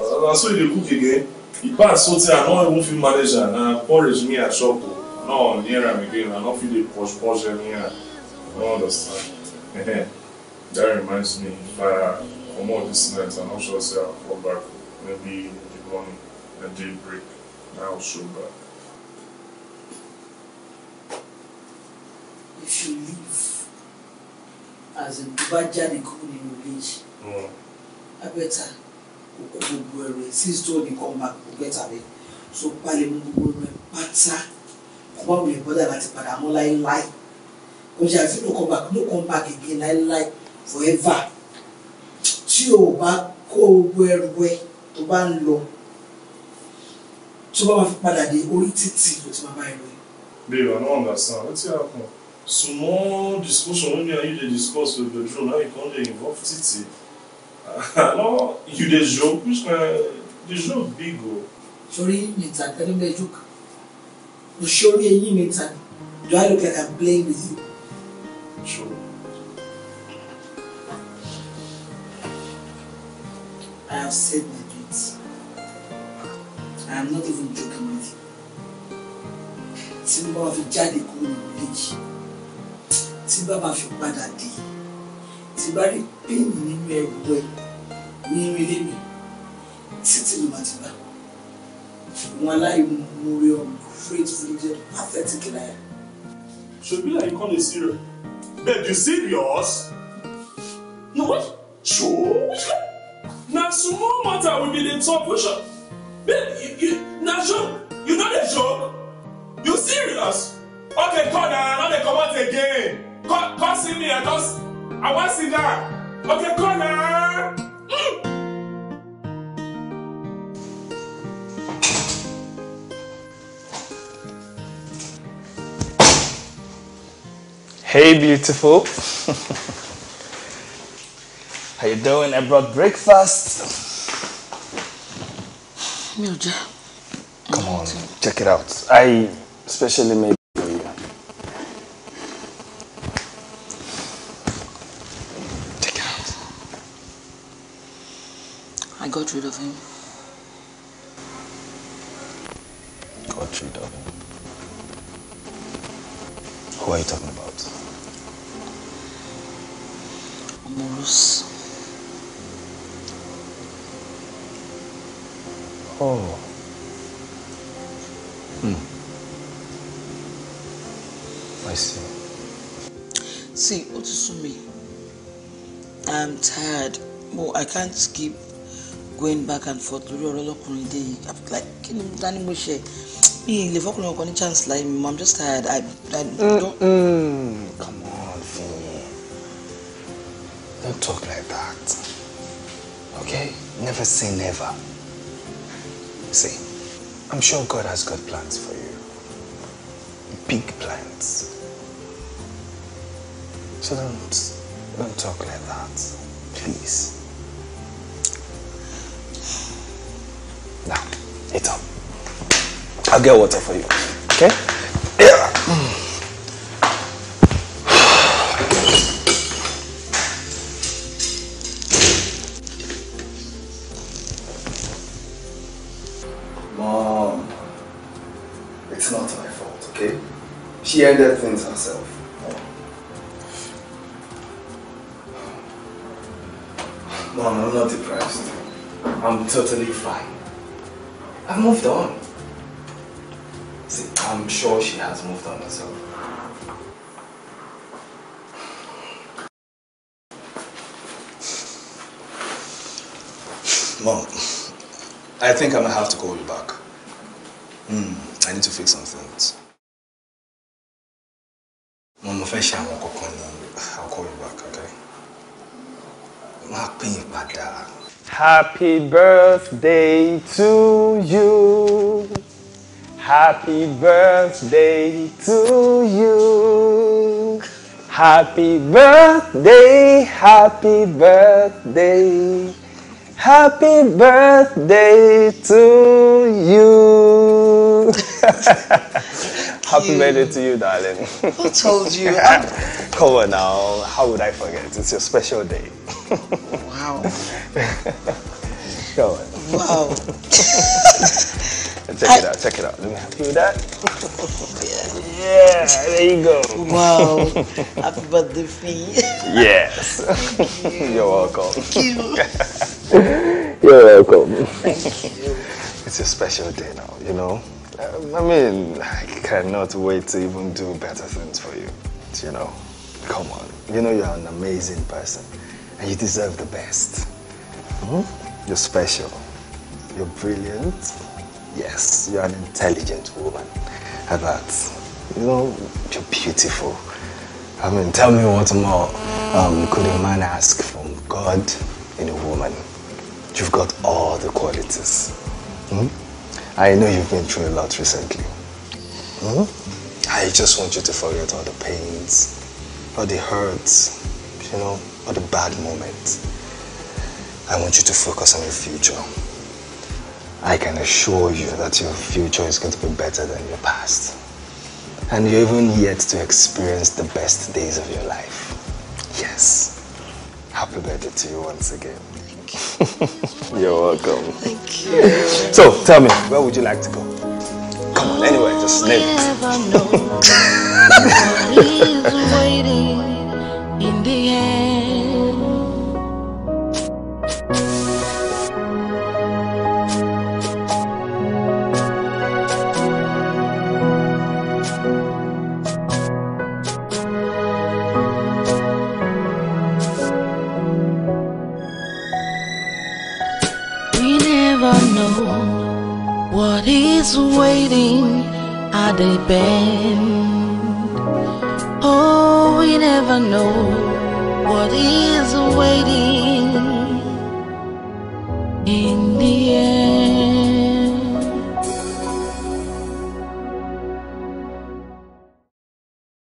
Uh, so you cook again. the bad so I don't even feel manager. Now porridge me at shop. No, near am again. I don't feel the posh posh in here. I don't understand. that reminds me, if I come out this night, I'm not sure say I'll fall back. Maybe in the morning, a daybreak, I'll show back. If You leave as mm. a Bajani coming in village. Mm. I better kò gbogbo ẹrù ẹ sí tó nìkan máa kò bẹ́tà rẹ so palẹ̀ mú gbogbo ẹrù ẹ pátá kó bá wulẹ̀ bọ́dà láti padà mọ́ láéláé which has no come back no come back again I like forever tí o bá kó owó ẹrù ẹ tó bá ń lọ tó bá wà fi padà dé orí títì ló ti máa bá ẹrù ẹ. babe i no understand wetin happen small discussion wey me and you dey discuss for bedroom now you come dey involve titi i no you dey joke which kind the joke big o. sori mi ta tẹlifẹ joke o sori eyin mi ta do i look like i'm playing with you. So. I have said my bit. I am not even joking with you. Tí n bá fi jáde kúrò ní village, tí bá bá fi padà dé, tí bá rí píìnì nínú ẹ̀wù ẹ̀ ní ilé mi, títí ló máa ti bá. Wọn aláìmoore ọ̀hún, faithfully jẹ́ pathetic liar. Ṣèbí àyíkọ́ lè sí rẹ̀. Babe, you serious? No, what? Sure. Now small matter will be the talk we sure. Babe, you, you, na joke. You no dey joke? You serious? Okay, come na, no dey comot again. Come, come see me, I just, I wan see that. Okay, call na. Hey, beautiful. How you doing? I brought breakfast. Mildred. Come on, check it out. I specially made it for you. Check it out. I got rid of him. Got rid of him? Who are you talking about? luz. Oh. Hmm. I see. See, ó ti sú mi. I'm tired. But I can't keep going back and forth lórí ọ̀rọ̀ ọlọ́kùnrin dé yìí. Like, kí ni dání mo ṣe? Mi ì lè fọkùnrin ọkọ ní chance láì mi. I'm just tired. I, I mm, don't. Mm-mm. talk like that. Okay? Never say never. See, I'm sure God has got plans for you. Big plans. So don't, don't talk like that. Please. Now, eat up. I'll get water for you. Okay? Scared of things herself. Mom, I'm not depressed. I'm totally fine. I've moved on. See, I'm sure she has moved on herself. Mom, I think I'm gonna have to call you back. Mm, I need to fix some things. fẹ́ ṣe àwọn kankan ní ọkọ kankan máa pín in padà. Happy birthday to you. Happy birthday to you. Happy birthday, happy birthday. Happy birthday to you. Happy you. birthday to you, darling. Who told you? Come on now. How would I forget? It's your special day. wow. Show on. Wow. check I... it out. Check it out. Let me help you with that. Yeah. yeah. There you go. Wow. Happy birthday, Fee. Yes. Thank you. You're welcome. Thank you. You're welcome. Thank you. It's a special day now. You know. Um, I mean, I cannot wait to even do better things for you. You know, come on. You know you're an amazing person and you deserve the best. hmm? You're special. You're brilliant. Yes, you're an intelligent woman. At that, you know, you're beautiful. I mean, tell me what more um, could a man ask from God in a woman? You've got all the qualities. hmm? I know you've been through a lot recently. Hmm? I just want you to forget all the pains, all the hurts, you know, all the bad moments. I want you to focus on your future. I can assure you that your future is going to be better than your past. And you're even yet to experience the best days of your life. Yes. Happy birthday to you once again. You're welcome. Thank you. So, tell me, where would you like to go? Come on, anywhere, just name it. is waiting at the bend. Oh, we never know what is waiting in the end.